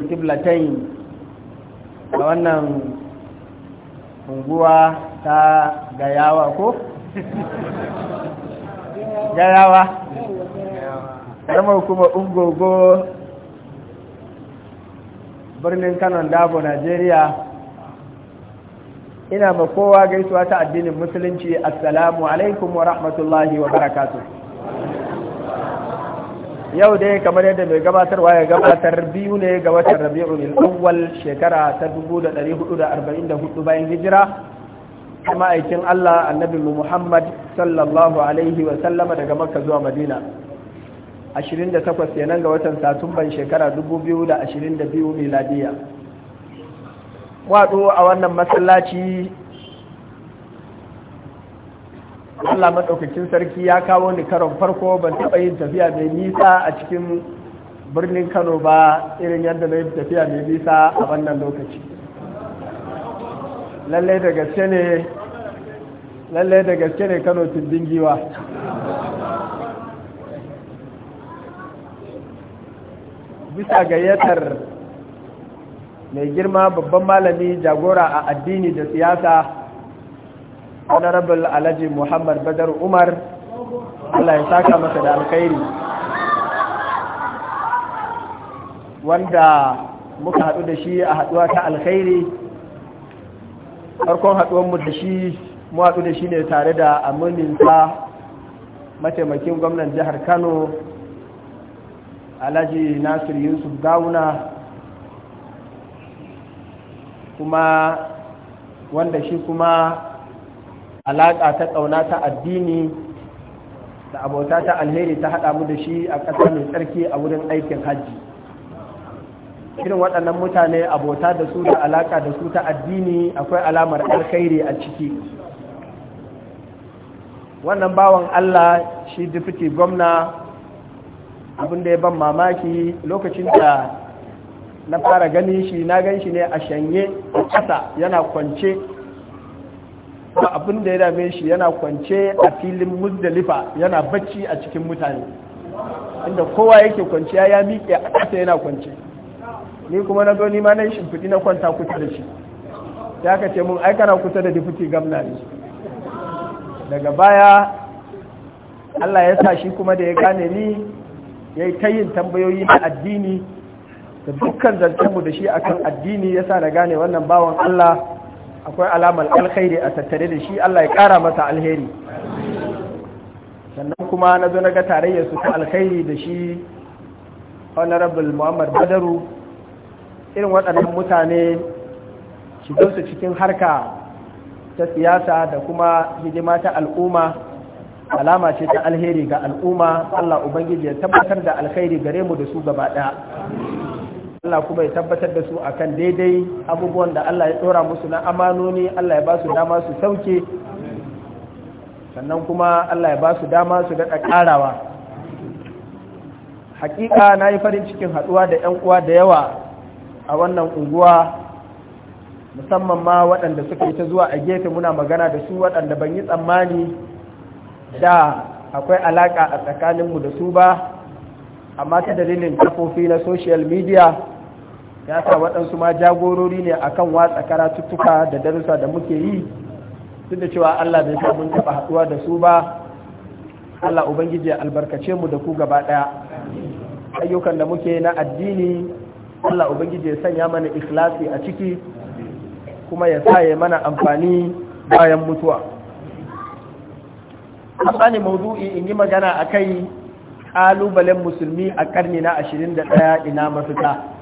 alƙiblatain a wannan unguwa ta gayawa ko? gayawa zama kuma ungogo birnin kanon dabo najeriya ina ma kowa gaisuwa ta addinin musulunci assalamu alaikum wa rahmatullahi wa barakatuh yau dai kamar yadda mai gabatarwa ya gabatar biyu ne ga watan rabi'ul awwal shekara ta 1444 bayan hijira kuma aikin Allah annabi Muhammad sallallahu alaihi wa sallama daga Makka zuwa Madina 28 kenan ga watan Satumban shekara 2022 miladiya wato a wannan masallaci Allah maɗaukakin sarki ya kawo ni karon farko ban taɓa yin tafiya mai nisa a cikin birnin Kano ba irin yadda na yi tafiya mai nisa a wannan lokaci. Lallai da gaske ne, lallai da gaske ne Kano tumbin giwa. Bisa gayyatar mai girma babban malami jagora a addini da siyasa honorable alhaji muhammad badar umar allah ya saka masa da alkhairi wanda muka haɗu da shi a haɗuwa ta alkhairi farkon haɗuwanmu da shi mu haɗu da shi ne tare da amininsa mataimakin gwamnan jihar kano alhaji nasir yusuf gauna kuma wanda shi kuma alaƙa ta ƙauna ta addini da abota ta alheri ta haɗa mu da shi a ƙasa mai tsarki a wurin aikin hajji irin waɗannan mutane abota da su da alaƙa da su ta addini akwai alamar alkhairi a ciki wannan bawan allah shi dufiti gwamna abin da ya ban mamaki lokacin da na fara ganin shi na gan shi ne a shanye a ƙasa yana kwance ba abin da ya dame shi yana kwance a filin muzdalifa yana bacci a cikin mutane inda kowa yake kwance ya miƙe a ƙasa yana kwance ni kuma na zo ma na yi shimfiɗi na kwanta kusa da shi ya ka ce mun ai kana kusa da difuti gamna ne daga baya Allah ya sa shi kuma da ya gane ni ya yi tayin tambayoyi na addini da dukkan zancenmu da shi akan addini ya sa da gane wannan bawan Allah akwai alamar alkhairi a tattare da shi Allah ya kara masa alheri sannan kuma na zo na ga tarayyar su ta alkhairi da shi honorable muhammad badaru irin waɗannan mutane su cikin harka ta siyasa da kuma hidima ta al'umma alama ce ta alheri ga al'umma Allah Ubangiji ya tabbatar da alkhairi gare mu da su gaba ɗaya Allah kuma ya tabbatar da su akan daidai abubuwan da Allah ya tsora musu na amanoni Allah ya ba su dama su sauke sannan kuma Allah ya ba su dama su daɗa ƙarawa hakika na yi farin cikin haɗuwa da 'yan uwa da yawa a wannan unguwa musamman ma waɗanda suka yi ta zuwa a gefe muna magana da su waɗanda ban yi tsammani da akwai alaƙa a tsakaninmu da su ba amma ta dalilin kafofi na social media ya sa waɗansu ma jagorori ne a kan watsa karatuttuka da darussa da muke yi tunda cewa Allah bai sa mun taɓa haɗuwa da su ba Allah ubangiji ya albarkace mu da ku gaba ɗaya ayyukan da muke na addini Allah ubangiji ya sanya mana ikhlasi a ciki kuma ya sa ya mana amfani bayan mutuwa asani mawdu'i in yi magana a kai ƙalubalen musulmi a ƙarni na 21 ina mafita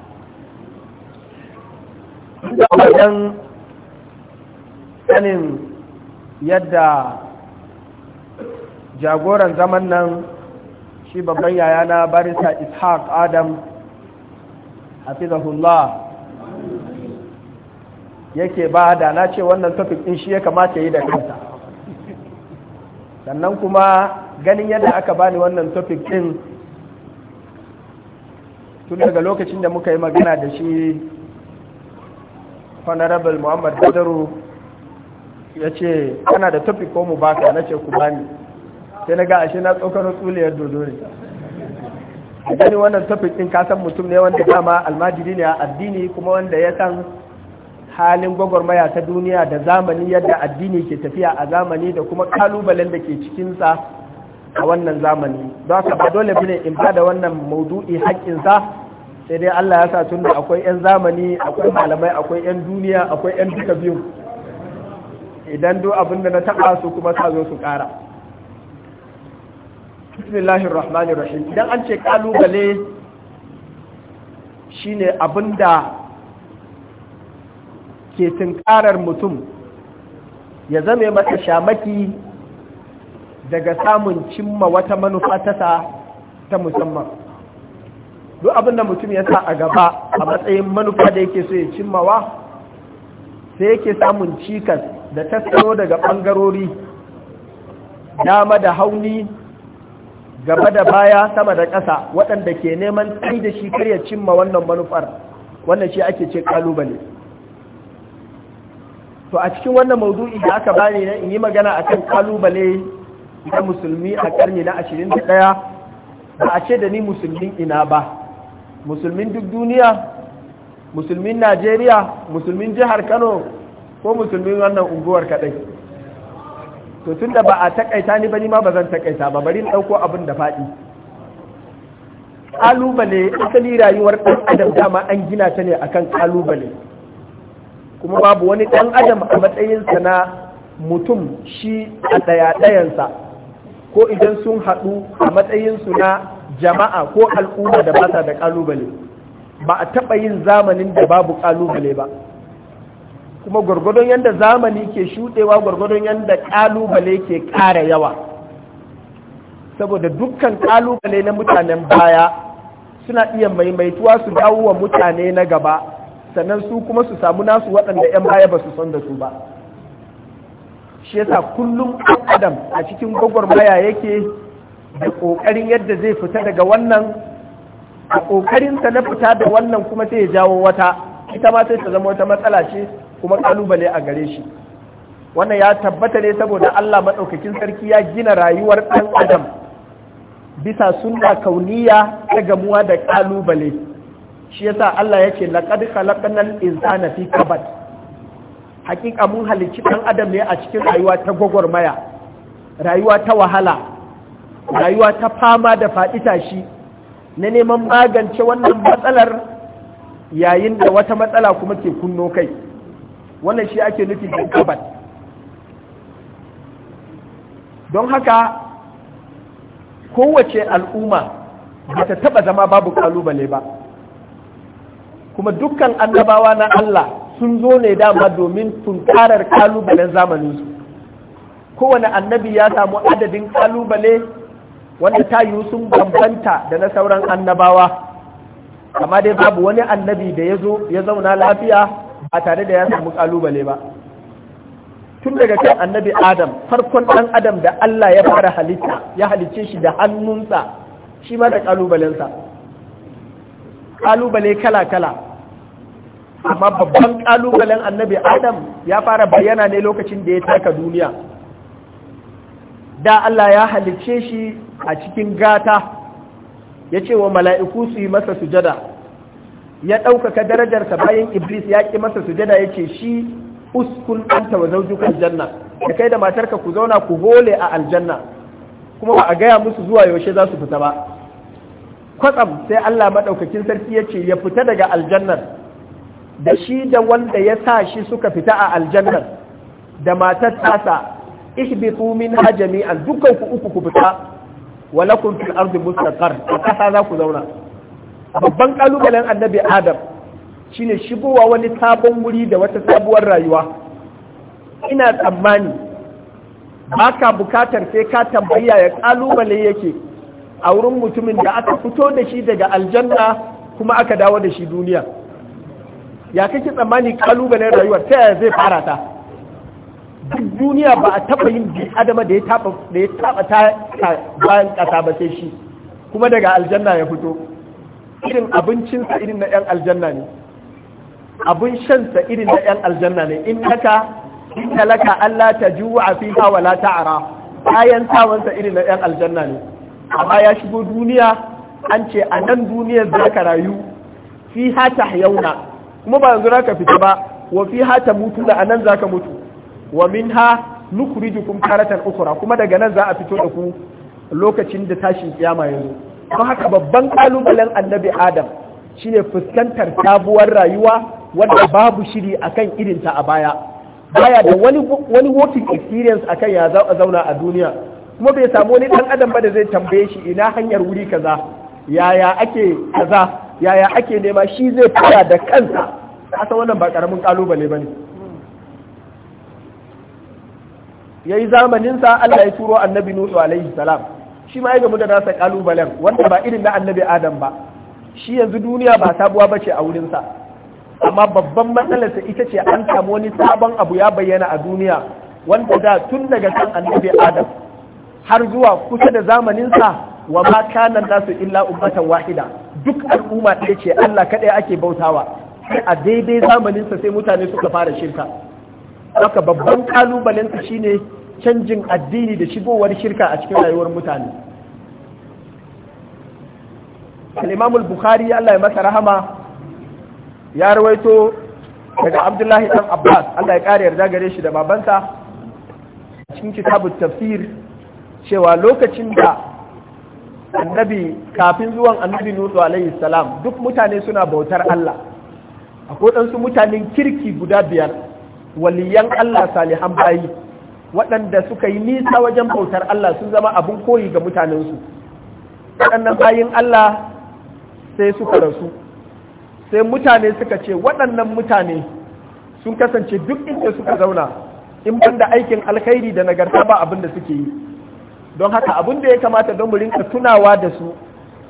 wajen sanin yadda jagoran zaman nan shi babban yayana barisa ishaq adam hafizahullah yake ba da na ce wannan topic din shi ya kamata yi da kansa sannan kuma ganin yadda aka bani wannan topic din tun daga lokacin da muka yi magana da shi honorable muhammad badaru ya ce "Kana da tafi ko mu baka na ce ku bani sai na ga ashe na tsokano tsuliyar dodo ne a gani wannan tafi ɗin kasan mutum ne wanda dama almajiri ne a addini kuma wanda ya san halin gwagwarmaya ta duniya da zamani yadda addini ke tafiya a zamani da kuma kalubalen da ke cikinsa a wannan zamani don haka ba dole ne in ba da wannan maudu'i haƙƙinsa sai dai Allah ya sa tun da akwai 'yan zamani akwai malamai akwai 'yan duniya akwai 'yan duka biyu idan do abin da na taɓa su kuma sa zo su ƙara bismillahir rahmanir rahim idan an ce ƙalubale shine abin da ke tunkarar mutum ya zame masa shamaki daga samun cimma wata manufa ta musamman duk abin da mutum ya sa a gaba a matsayin manufa da yake so ya cimmawa sai yake samun cikas da tattaro daga ɓangarori dama da hauni gaba da baya sama da ƙasa waɗanda ke neman tsaye da shi karya cimma wannan manufar wannan shi ake ce ƙalubale to a cikin wannan maudu'i da aka bani na in yi magana a kan ƙalubale na musulmi a ƙarni na ashirin ɗaya ba a ce da ni musulmin ina ba musulmin duk duniya musulmin najeriya musulmin jihar kano ko musulmin wannan unguwar kaɗai to tun da ba a takaita ni ba ni ma ba zan takaita ba bari ɗauko abin da faɗi ƙalubale asali rayuwar ɗan adam dama an gina ta ne akan ƙalubale kuma babu wani ɗan adam a matsayinsa na mutum shi a ɗaya-ɗayansa ko idan sun haɗu a matsayinsu na jama'a ko al'umma da basa da kalubale ba a taɓa yin zamanin da babu kalubale ba kuma gwargwadon yadda zamani ke shuɗewa gwargwadon yadda kalubale ke ƙara yawa saboda dukkan kalubale na mutanen baya suna iya maimaituwa su dawo wa mutane na gaba sannan su kuma su samu nasu waɗanda 'yan baya ba su son da su ba shi yasa kullum adam a cikin gwagwarmaya yake da ƙoƙarin yadda zai fita daga wannan a ƙoƙarinsa na fita da wannan kuma sai ya jawo wata ita ma sai ta zama wata matsala ce kuma ƙalubale a gare shi wannan ya tabbata ne saboda Allah maɗaukakin sarki ya gina rayuwar ɗan adam bisa sunna kauniya ta gamuwa da ƙalubale shi yasa Allah yake laqad khalaqnal insana fi kabad hakika mun halicci ɗan adam ne a cikin rayuwa ta gwagwarmaya rayuwa ta wahala rayuwa ta fama da faɗi tashi na neman magance wannan matsalar yayin da wata matsala kuma ke kunno kai wannan shi ake nufi da kabat don haka kowace al'umma ba ta taɓa zama babu ƙalubale ba kuma dukkan annabawa na Allah sun zo ne dama domin tunkarar ƙalubalen zamaninsu kowane annabi ya samu adadin ƙalubale wanda ta yi sun bambanta da na sauran annabawa amma dai babu wani annabi da ya zo ya zauna lafiya ba tare da ya samu kalubale ba tun daga kan annabi adam farkon ɗan adam da Allah ya fara halitta ya halicce shi da hannunsa shi ma da kalubalensa kalubale kala-kala amma babban ƙalubalen annabi adam ya fara bayyana ne lokacin da ya taka duniya da Allah ya halicce shi a cikin gata ya ce wa mala'iku su yi masa sujada ya ɗaukaka darajarsa bayan iblis ya ƙi masa sujada ya ce shi uskun ɗanta wa zaujukan aljanna da kai da matarka ku zauna ku hole a aljanna kuma ba a gaya musu zuwa yaushe za su fita ba kwatsam sai Allah maɗaukakin sarki ya ce ya fita daga aljannar da shi da wanda ya sa shi suka fita a aljannar da matar tasa ihbitu hajami an dukkan ku uku ku fita wa lakum fil ardi mustaqar kasa za ku zauna babban kalubalen annabi adam shine shigowa wani sabon wuri da wata sabuwar rayuwa ina tsammani baka bukatar sai ka tambaya ya kalubale yake a wurin mutumin da aka fito da shi daga aljanna kuma aka dawo da shi duniya ya kake tsammani kalubalen rayuwar ta yaya zai fara ta duk duniya ba a taba yin bi adama da ya taba da ya taba ta bayan kasa ba sai shi kuma daga aljanna ya fito irin abincinsa irin na ƴan aljanna ne abin shansa irin na ƴan aljanna ne in haka in talaka Allah ta juwa fiha wala ta'ara bayan sawansa irin na ƴan aljanna ne amma ya shigo duniya an ce a nan duniyar za ka rayu fiha tahyauna kuma ba yanzu za ka fita ba wa fiha mutu a nan za ka mutu wa minha nukhrijukum taratan ukhra kuma daga nan za a fito da ku lokacin da tashin kiyama ya zo don haka babban kalubalen annabi adam shine fuskantar sabuwar rayuwa wanda babu shiri akan irinta a baya baya da wani wani working experience akan ya zauna a duniya kuma bai samu wani dan adam ba da zai tambaye shi ina hanyar wuri kaza yaya ake kaza yaya ake nema shi zai fara da kansa kasa wannan ba karamin kalubale ne. ya yi zamaninsa Allah ya turo annabi Nuhu alaihi salam shi ma ya gamu da nasa kalubalen wanda ba irin na annabi Adam ba shi yanzu duniya ba sabuwa ba ce a wurinsa amma babban matsalarsa ita ce an samu wani sabon abu ya bayyana a duniya wanda da tun daga kan annabi Adam har zuwa kusa da zamaninsa wa ma kana nasu illa ummatan wahida duk al'umma ɗaya ce Allah kaɗai ake bautawa a daidai zamaninsa sai mutane suka fara shirka haka babban kalubalensa shine canjin addini da shigowar shirka a cikin rayuwar mutane al bukhari Allah ya masa rahama ya rawaito daga abdullahi dan abbas Allah ya kare yarda gare shi da babansa cikin kitabut tafsir cewa lokacin da annabi kafin zuwan annabi nuhu alaihi salam duk mutane suna bautar Allah akwai ɗansu mutanen kirki guda biyar waliyan Allah salihan bayi waɗanda suka yi nisa wajen bautar Allah sun zama abin koyi ga mutanensu waɗannan bayin Allah sai suka rasu sai mutane suka ce waɗannan mutane sun kasance duk inda suka zauna in banda aikin alkhairi da nagarta ba abin da suke yi don haka abin da ya kamata don mu rinka tunawa da su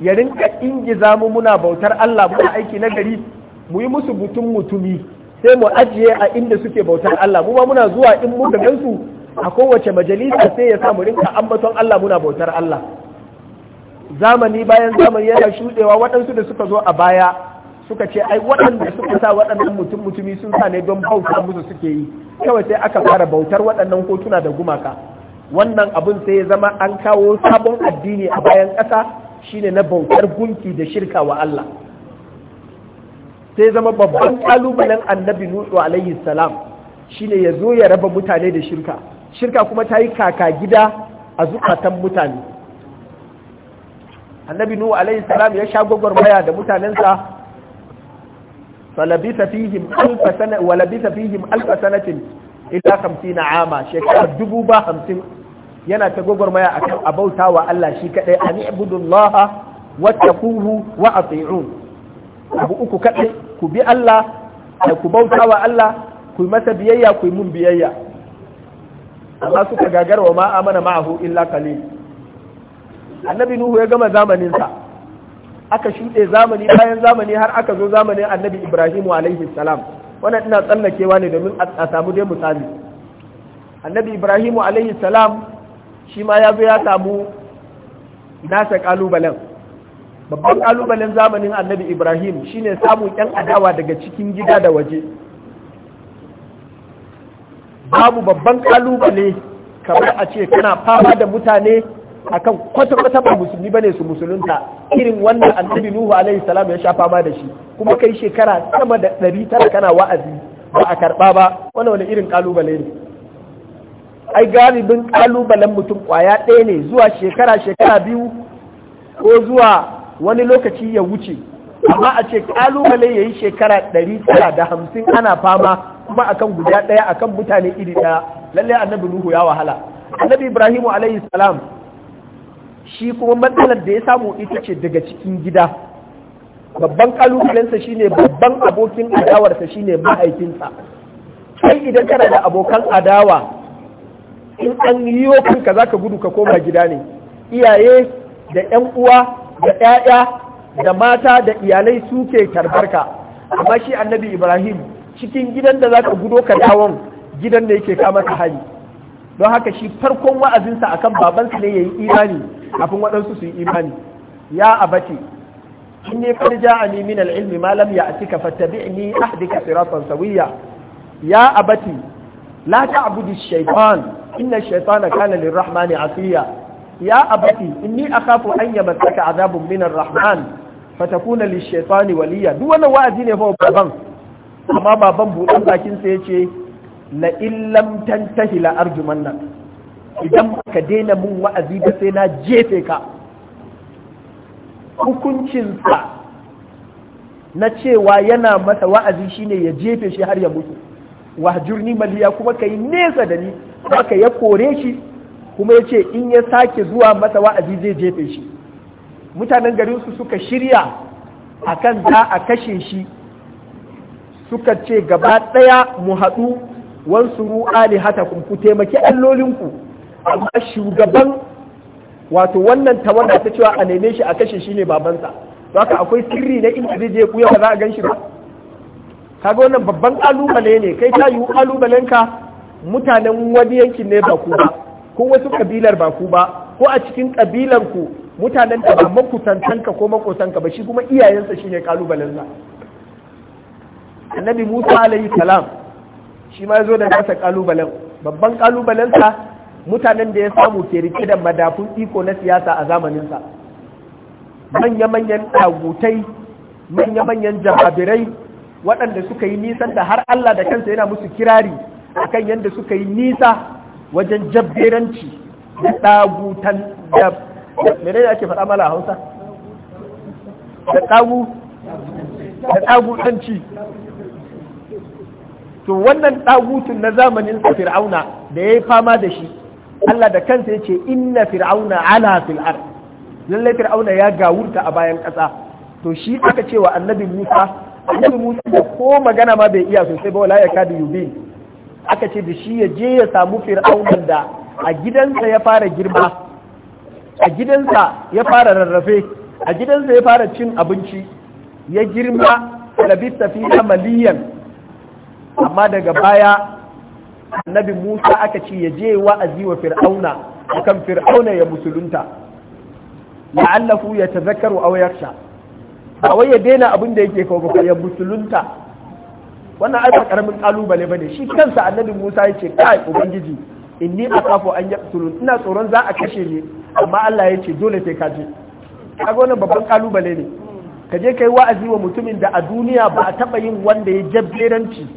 ya rinka ingiza mu muna bautar Allah muna aiki na gari mu yi musu mutum mutumi sai mu ajiye a inda suke bautar Allah mu ma muna zuwa in muka gansu a kowace majalisa sai ya sa mu rinka ambaton Allah muna bautar Allah zamani bayan zamani yana shudewa waɗansu da suka zo a baya suka ce ai waɗanda suka sa waɗannan mutum mutumi sun sa ne don bauta musu suke yi kawai sai aka fara bautar waɗannan hotuna da gumaka wannan abin sai ya zama an kawo sabon addini a bayan ƙasa shine na bautar gunki da shirka wa Allah sai zama babban kalubalen annabi nuhu alaihi salam shine ya zo ya raba mutane da shirka shirka kuma ta yi kaka gida a zukatan mutane annabi nuhu alaihi salam ya sha gwagwarmaya da mutanensa falabisa fihim alfa sana walabisa fihim alfa sanatin ila 50 ama shekara dubu ba hamsin yana ta gwagwarmaya akan abauta wa Allah shi kadai ani ibudullah wattaquhu wa ati'un abu uku kaɗai ku bi Allah da ku bauta wa Allah ku masa biyayya ku mun biyayya amma suka gagar wa ma amana ma'ahu illa qalil annabi nuhu ya gama zamanin sa aka shuɗe zamani bayan zamani har aka zo zamanin annabi ibrahimu alaihi salam wannan ina tsallakewa ne domin a samu dai misali annabi ibrahimu alaihi salam shi ma ya zo ya samu nasa ƙalubalen. babban kalubalen zamanin annabi ibrahim shine samun yan adawa daga cikin gida da waje babu babban kalubale kamar a ce kana fama da mutane akan kwata-kwata ba musulmi bane su musulunta irin wannan annabi nuhu alaihi salam ya sha fama da shi kuma kai shekara sama da ɗari tara kana wa'azi ba a karɓa ba wannan wani irin kalubale ne ai galibin kalubalen mutum kwaya ɗaya ne zuwa shekara shekara biyu ko zuwa wani lokaci ya wuce amma a ce kalubale ya yi shekara ɗari tara da hamsin ana fama kuma akan guda ɗaya akan mutane iri ɗaya lallai annabi nuhu ya wahala annabi ibrahimu alayhi salam shi kuma matsalar da ya samu ita ce daga cikin gida babban kalubalensa shine babban abokin adawarsa shine mahaifinsa sai idan kana da abokan adawa in an yi kanka ka gudu ka koma gida ne iyaye da yan uwa da ɗaya da mata da iyalai suke tarbarka amma shi annabi ibrahim cikin gidan da za ka gudo ka dawon gidan da yake kama ka hali don haka shi farkon wa'azinsa akan babansa ne ya yi imani kafin waɗansu su yi imani ya abati inni qad ja'ani min al-ilmi ma lam ya'tika fattabi'ni ahdika siratan sawiyya ya abati la ta'budu shaytan inna ash-shaytana kana lir-rahmani 'asiya ya abati inni akhafu an yamassaka azabun min minan rahman fatakuna lish waliya duk wannan wa'azi ne fa baban amma baban buɗan bakin sa yace la illam tantahi la arjumanna idan ka daina mun wa'azi ba sai na jefe ka hukuncinsa na cewa yana masa wa'azi shine ya jefe shi har ya mutu wahjurni maliya kuma kai nesa da ni haka ya kore shi kuma ya ce in ya sake zuwa masa wa'azi zai jefe shi mutanen garinsu suka shirya a kan za a kashe shi suka ce gaba ɗaya mu haɗu wansu ne hata ku taimaki allolinku amma shugaban wato wannan tawaga ta cewa a neme shi a kashe shi ne babansa haka akwai sirri na inda zai je kuya ba za a gan shi ba kaga wannan babban kalubale ne kai ta yiwu kalubalenka mutanen wani yankin ne ba ku ba ko wasu kabilar ba ku ba ko a cikin kabilar ku mutanen da ba makusantanka ko makosanka ba shi kuma iyayensa shine kalubalensa annabi Musa alayhi salam shi ma zo da nasa kalubalen babban kalubalensa mutanen da ya samu ke rike da madafun iko na siyasa a zamaninsa manya-manyan tagutai manya-manyan jahabirai waɗanda suka yi nisan da har Allah da kansa yana musu kirari akan yadda suka yi nisa wajen jabberanci da ɗagutan da mene ake faɗa mala a hausa da ɗagu da ɗagutanci to wannan ɗagutun na zamanin sa fir'auna da ya yi fama da shi Allah da kansa ya ce inna fir'auna ala fil'ar lallai fir'auna ya gawurta a bayan ƙasa to shi aka cewa annabi musa annabi musa da ko magana ma bai iya sosai ba wala ya kadu yubi aka ce da shi ya je ya samu fir'aunan da a gidansa ya fara girma a gidansa ya fara rarrafe a gidansa ya fara cin abinci ya girma labista fi maliyan amma daga baya annabi Musa aka ce ya je wa'azi wa fir'auna a kan fir'auna ya musulunta la'allahu ya tazakaru a yakhsha A wai ya daina abin da yake kawo ya musulunta wannan ai karamin kalubale bane shi kansa annabi Musa yace kai ubangiji inni akafu an yaktulu ina tsoron za a kashe ni amma Allah ya ce dole sai ka je kaga wannan babban kalubale ne ka je kai wa'azi wa mutumin da a duniya ba a taba yin wanda ya jabberanci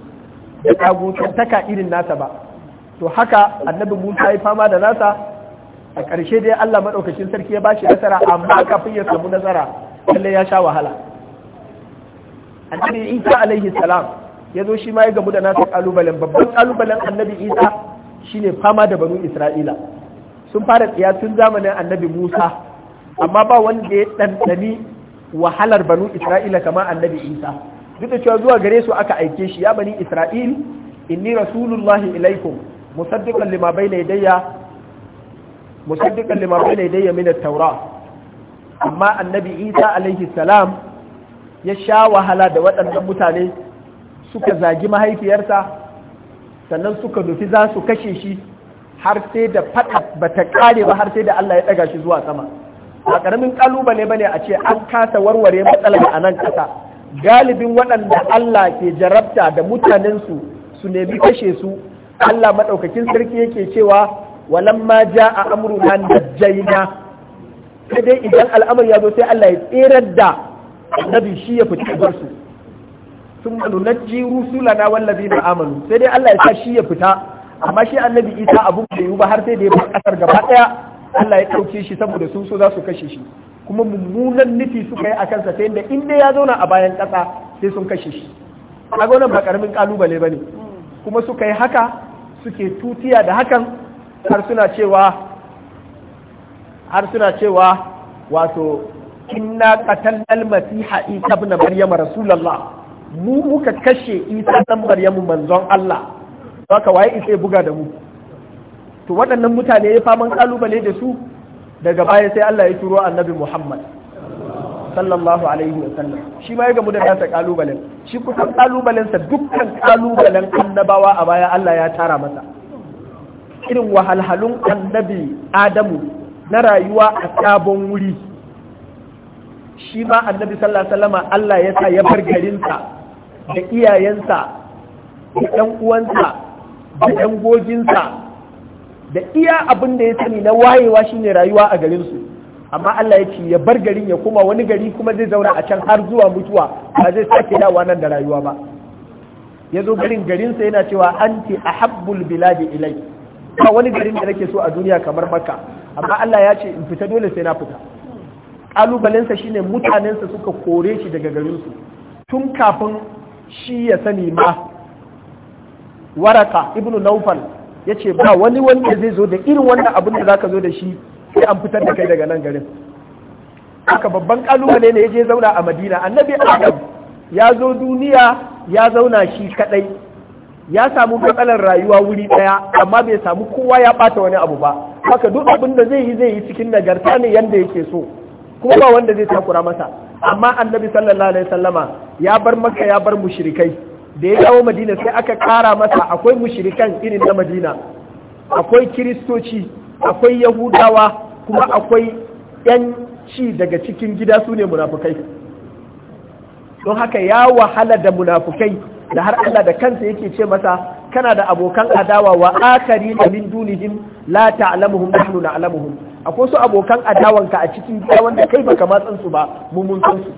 da kagotantaka irin nasa ba to haka annabi Musa ya fama da nasa a ƙarshe dai Allah maɗaukacin sarki ya bashi nasara amma kafin ya samu nasara lalle ya sha wahala annabi Isa alaihi salam ya zo shi ma ya gamu da nasa kalubalen babban kalubalen annabi isa shine fama da banu isra'ila sun fara tsiya tun zamanin annabi musa amma ba wanda ya ɗanɗani wahalar banu isra'ila kama annabi isa duk da cewa zuwa gare su aka aike shi ya bani isra'il inni rasulullahi ilaikum musaddiqan lima bayna yadayya musaddiqan lima bayna yadayya min at-taura amma annabi isa alaihi salam ya sha wahala da waɗannan mutane suka zagi mahaifiyarsa sannan suka nufi za su kashe shi har sai da fada ba ta kare ba har sai da Allah ya daga shi zuwa sama ƙaramin ƙalubale ba ne a ce an kasa warware matsalar a nan kasa galibin waɗanda Allah ke jarabta da mutanensu su nemi kashe su Allah maɗaukakin sarki yake cewa walamma ja'a amruna najjayna sai dai idan al'amari ya zo sai Allah ya tserar da nabi shi ya fita bar Sun thumma nunajji rusulana na amanu sai dai Allah ya sa shi ya fita amma shi annabi Isa abu da yi ba har sai da ya bar kasar gaba ɗaya. Allah ya dauke shi saboda sun so za su kashe shi kuma mummunan nufi suka yi a kansa ta yadda in dai ya zauna a bayan ƙasa sai sun kashe shi kaga wannan ba karamin kalubale ne kuma suka yi haka suke tutiya da hakan har suna cewa har suna cewa wato inna qatalna al-masiha isa ibn maryam rasulullah mu muka kashe isa dan maryamu manzon Allah haka waye isa ya buga da mu to waɗannan mutane ya faman kalubale da su daga baya sai Allah ya turo annabi Muhammad sallallahu alaihi wa sallam shi ma ya gamu da nasa kalubalen shi kusan kalubalen sa dukkan kalubalen annabawa a baya Allah ya tara masa irin wahalhalun annabi Adamu na rayuwa a sabon wuri shi ma annabi sallallahu alaihi Allah ya sa ya bar garinsa da iyayensa da ɗan uwansa da ɗan goginsa da iya abin da ya sani na wayewa shine rayuwa a garinsu amma Allah ya ce ya bar garin ya kuma wani gari kuma zai zauna a can har zuwa mutuwa ba zai sake dawa nan da rayuwa ba ya zo garin garinsa yana cewa anti ahabbul biladi ilai ba wani garin da nake so a duniya kamar makka amma Allah ya ce in fita dole sai na fita kalubalensa shine mutanensa suka kore shi daga garinsu tun kafin shi ya sani ma waraka ibnu naufal ya ce ba wani wanda zai zo da irin wannan abin da zaka zo da shi sai an fitar da kai daga nan garin haka babban kalubale ne ya je zauna a madina annabi adam ya zo duniya ya zauna shi kadai ya samu matsalar rayuwa wuri daya amma bai samu kowa ya bata wani abu ba haka duk abin da zai yi zai yi cikin nagarta ne yanda yake so kuma ba wanda zai takura masa amma annabi sallallahu alaihi sallama ya bar maka ya bar mushrikai da ya dawo madina sai aka kara masa akwai mushrikan irin na madina akwai kiristoci akwai yahudawa kuma akwai yan ci daga cikin gida su ne munafukai don haka ya wahala da munafukai da har Allah da kansa yake ce masa kana da abokan adawa wa akari min dunihim la ta'lamuhum nahnu na'lamuhum akwai su abokan adawanka a cikin gida wanda kai baka ma san su ba mu mun san su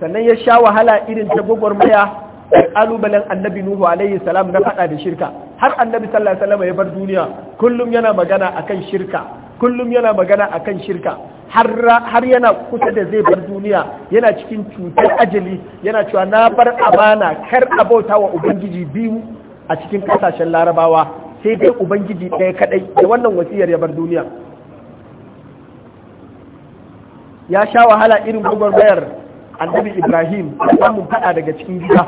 sannan ya sha wahala irin ta maya da kalubalen annabi nuhu alaihi salam na fada da shirka har annabi sallallahu alaihi wasallam ya bar duniya kullum yana magana akan shirka kullum yana magana akan shirka har yana kusa da zai bar duniya yana cikin cutar ajali yana cewa na bar amana kar abota wa ubangiji biyu a cikin kasashen larabawa sai dai ubangiji ɗaya kaɗai da wannan wasiyar ya bar duniya ya sha wahala irin gwagwarmayar annabi ibrahim da samun fada daga cikin gida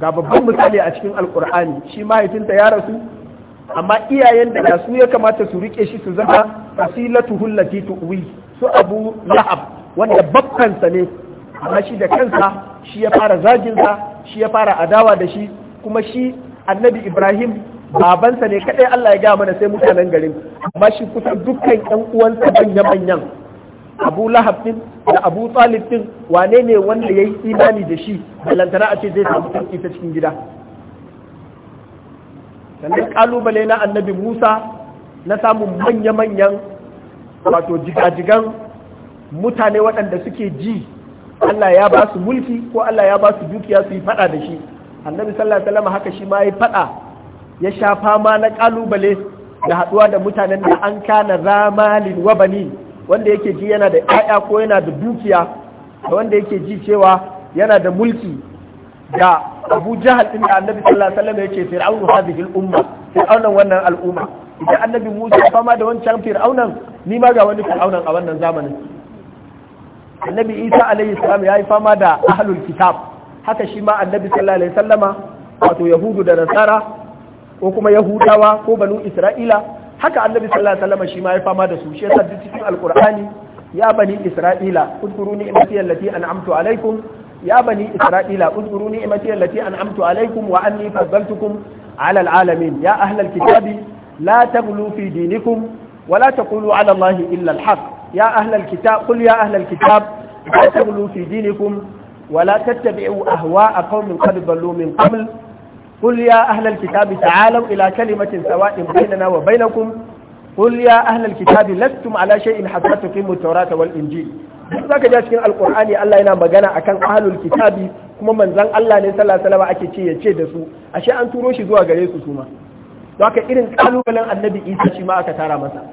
ga babban misali a cikin alkur'ani shi mahaifinta ya rasu amma iyayen da su ya kamata su rike shi su zama asilatu hullati tu'wi su abu lahab wanda babkansa ne amma shi da kansa shi ya fara zaginsa shi ya fara adawa da shi kuma shi annabi ibrahim babansa ne kadai Allah ya gaya mana sai mutanen garin amma shi kusa dukkan yan uwansa manya manyan Abu Lahab din da Abu Talib din wane ne wanda yayi imani da shi balantana a ce zai samu sarki ta cikin gida sannan kalubale na annabi Musa na samun manya manyan wato jigajigan mutane waɗanda suke ji Allah ya ba su mulki ko Allah ya ba su dukiya su yi fada da shi annabi sallallahu alaihi wasallam haka shi ma ya fada ya sha fama na kalubale da haduwa da mutanen da an kana zamalin wa bani wanda yake ji yana da ƴaƴa ko yana da dukiya da wanda yake ji cewa yana da mulki da Abu Jahal din da Annabi sallallahu alaihi wasallam yace fir'aunu hadhihi al-umma fir'aunan wannan al'umma idan Annabi Musa fama da wancan fir'aunan ni ma ga wani fir'aunan a wannan zamanin Annabi Isa alaihi salam yayi fama da ahlul kitab haka shi ma annabi sallallahu alaihi sallama wato yahudu da nasara ko kuma yahudawa ko banu isra'ila haka annabi sallallahu alaihi sallama shi ma ya fama da su shi yasa duk cikin alqur'ani ya bani isra'ila udkuru ni'mati allati an'amtu alaikum ya bani isra'ila udkuru ni'mati allati an'amtu alaikum wa anni faddaltukum ala alamin ya ahlal kitabi la taghlu fi dinikum ولا تقولوا على الله إلا الحق يا أهل الكتاب قل يا أهل الكتاب لا تغلوا في دينكم ولا تتبعوا أهواء قوم قد ضلوا من قبل قل يا أهل الكتاب تعالوا إلى كلمة سواء بيننا وبينكم قل يا أهل الكتاب لستم على شيء حتى تقيموا التوراة والإنجيل zaka ja cikin alkur'ani Allah yana magana akan ahlul kitabi kuma manzon Allah ne sallallahu alaihi ake ce ce da su ashe an turo shi zuwa gare su suma haka irin kalubalen annabi Isa shi ma aka tara masa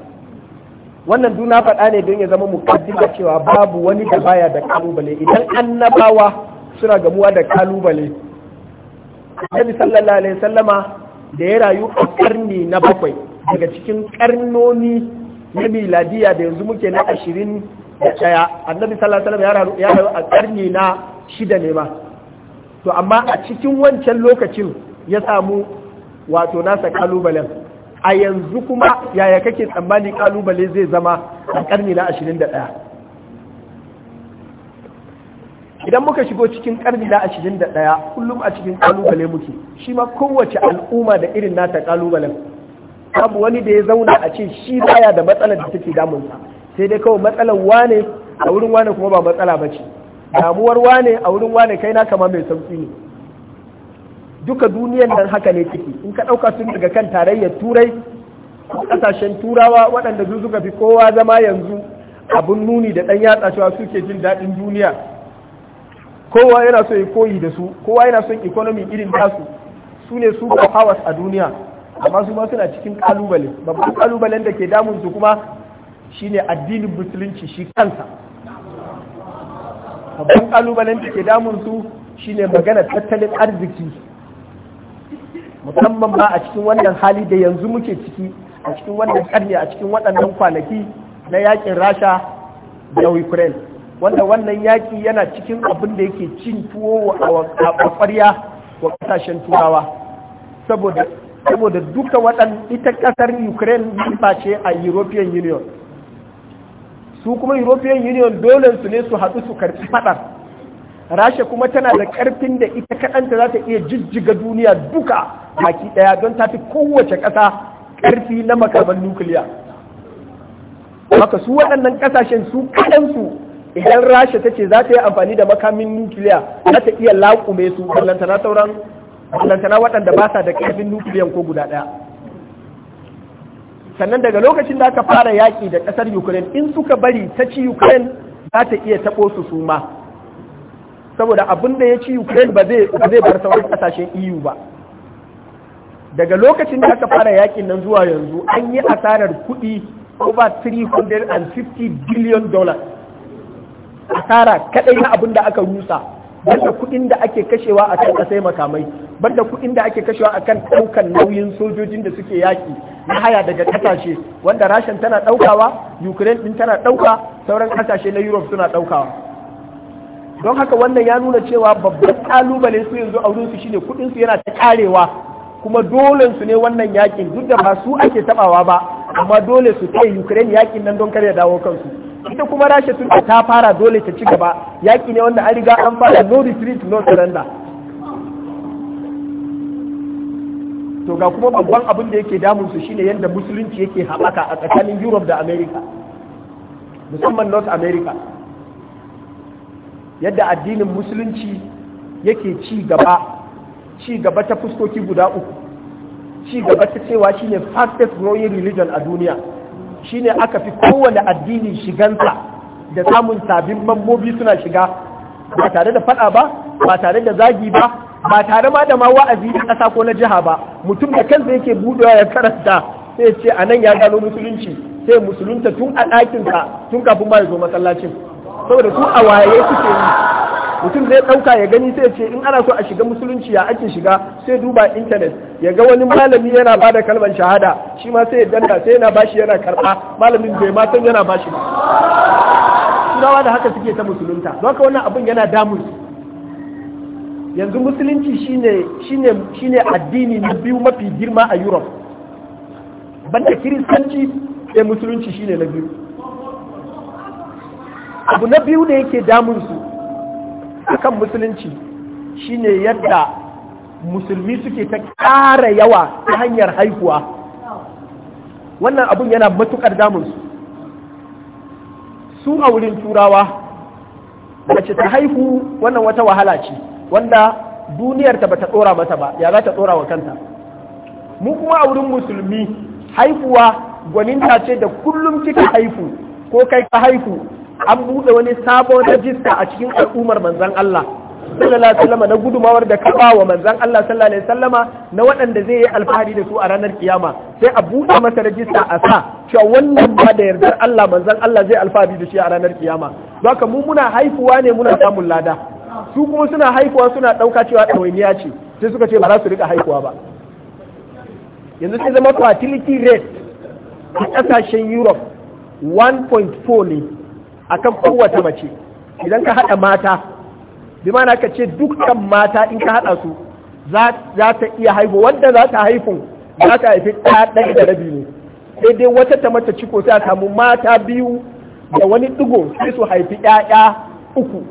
wannan duna faɗa ne don ya zama mukaddima cewa babu wani da baya da kalubale idan annabawa suna gamuwa da kalubale Annabi sallallahu alaihi sallama da ya rayu a karni na bakwai daga cikin karnoni na miladiya da yanzu muke na ashirin da ɗaya annabi sallallahu alaihi sallama ya rayu a karni na shida ne ma to amma a cikin wancan lokacin ya samu wato nasa kalubalen a yanzu kuma yaya kake tsammani kalubale zai zama a karni na 21 idan muka shigo cikin karni na 21 kullum a cikin kalubale muke shi ma kowace al'umma da irin nata kalubalen babu wani da ya zauna a ce shi baya da matsalar da take damunsa sai dai kawai matsalar wane a wurin wane kuma ba matsala ba ce damuwar wane a wurin wane kai na kama mai sauki ne duka duniyar nan haka ne ciki in ka ɗauka sun daga kan tarayyar turai ƙasashen turawa waɗanda su suka fi kowa zama yanzu abun nuni da ɗan yatsa cewa suke jin daɗin duniya kowa yana so ya koyi da su kowa yana son economy irin tasu su ne su powers a duniya amma su ma suna cikin kalubale babban kalubalen da ke damun su kuma shine addinin musulunci shi kansa babban kalubalen da ke damun su shine magana tattalin arziki musamman ba a cikin wannan hali da yanzu muke ciki a cikin wannan karni a cikin waɗannan kwanaki na yakin rasha da ukraine wanda wannan yaki yana cikin abin da yake cin tuwo a kwarya wa ƙasashen turawa saboda duka waɗan ita ƙasar ukraine nufa ce a european union su kuma european union dole su ne su haɗu su karɓi faɗar rasha kuma tana da karfin da ita kaɗanta za ta iya jijjiga duniya duka baki ɗaya don ta fi kowace ƙasa ƙarfi na makaman nukiliya haka su waɗannan ƙasashen su kaɗansu idan rasha ta ce za ta yi amfani da makamin nukiliya za ta iya laƙume su ballantana sauran ballantana waɗanda ba sa da ƙarfin nukiliyan ko guda ɗaya sannan daga lokacin da aka fara yaƙi da ƙasar ukraine in suka bari ta ci ukraine za ta iya taɓo su suma. saboda abin da ya ci ukraine ba zai bar sauran kasashen eu ba daga lokacin da aka fara yakin nan zuwa yanzu an yi asarar kuɗi over 350 billion dollars asara kadai na abin da aka rusa banda kudin da ake kashewa a kan kasai makamai banda kudin da ake kashewa a kan ɗaukan nauyin sojojin da suke yaki na haya daga kasashe wanda rashin tana ɗaukawa ukraine ɗin tana ɗauka sauran ƙasashe na europe suna ɗaukawa don haka wannan ya nuna cewa babban kalubale su yanzu a wurin su shine kudin su yana ta karewa kuma dole su ne wannan yakin duk da ba su ake tabawa ba amma dole su kai Ukraine yakin nan don kare dawo kansu ita kuma Rasha tun ta fara dole ta ci gaba yaki ne wanda an riga an fara no retreat no surrender to ga kuma babban abin da yake damun su shine yadda musulunci yake haɓaka a tsakanin Europe da America musamman North America yadda addinin musulunci yake ci gaba ci gaba ta fuskoki guda uku ci gaba ta cewa shine fastest growing religion a duniya shine aka fi kowane addini shigansa da samun sabbin mambobi suna shiga ba tare da fada ba ba tare da zagi ba ba tare ma da ma wa'azi na kasa ko na jiha ba mutum da kansa yake budewa ya karanta sai ce a nan ya gano musulunci sai musulunta tun a ɗakinsa tun kafin ba ya zo masallacin saboda su a waye suke yi mutum zai ɗauka ya gani sai ce in ana so a shiga musulunci ya ake shiga sai duba intanet ya ga wani malami yana ba da kalmar shahada shi ma sai ya danna sai yana bashi yana karɓa malamin bai matan yana bashi ba turawa da haka suke ta musulunta don haka wannan abin yana damun yanzu musulunci shine addini na biyu mafi girma a Europe banda kiristanci sai musulunci shine na biyu abu na biyu da yake damunsu kan musulunci shine yadda musulmi suke ta ƙara yawa ta hanyar haihuwa wannan abun yana matuƙar damunsu su a wurin turawa mace ta haihu wannan wata wahala ce wanda duniyar ta bata tsora mata ba ya za ta tsora wa kanta mu kuma a wurin musulmi haihuwa gwaninta ce da kullum kika haihu ko kai ka haihu an buɗe wani sabon rajista a cikin al'ummar manzan Allah sallallahu alaihi na gudumawar da kaba wa manzan Allah sallallahu alaihi sallama. na waɗanda zai yi alfahari da su a ranar kiyama sai a buɗe masa rajista a sa cewa wannan ba da yardar Allah manzan Allah zai alfahari da shi a ranar kiyama haka mu muna haifuwa ne muna samun lada su kuma suna haifuwa suna ɗauka cewa ɗawainiya ce sai suka ce ba za su rika haifuwa ba yanzu sai zama fertility rate a ƙasashen Europe 1.4 ne a kan kowace mace idan ka haɗa mata bi na ka ce dukkan mata in ka haɗa su za ta iya haihu wanda za ta haifu za ta haifi ta ɗaya da rabi ne sai dai wata ta mata ciko sai a samu mata biyu da wani ɗigo sai su haifi ƴaƴa uku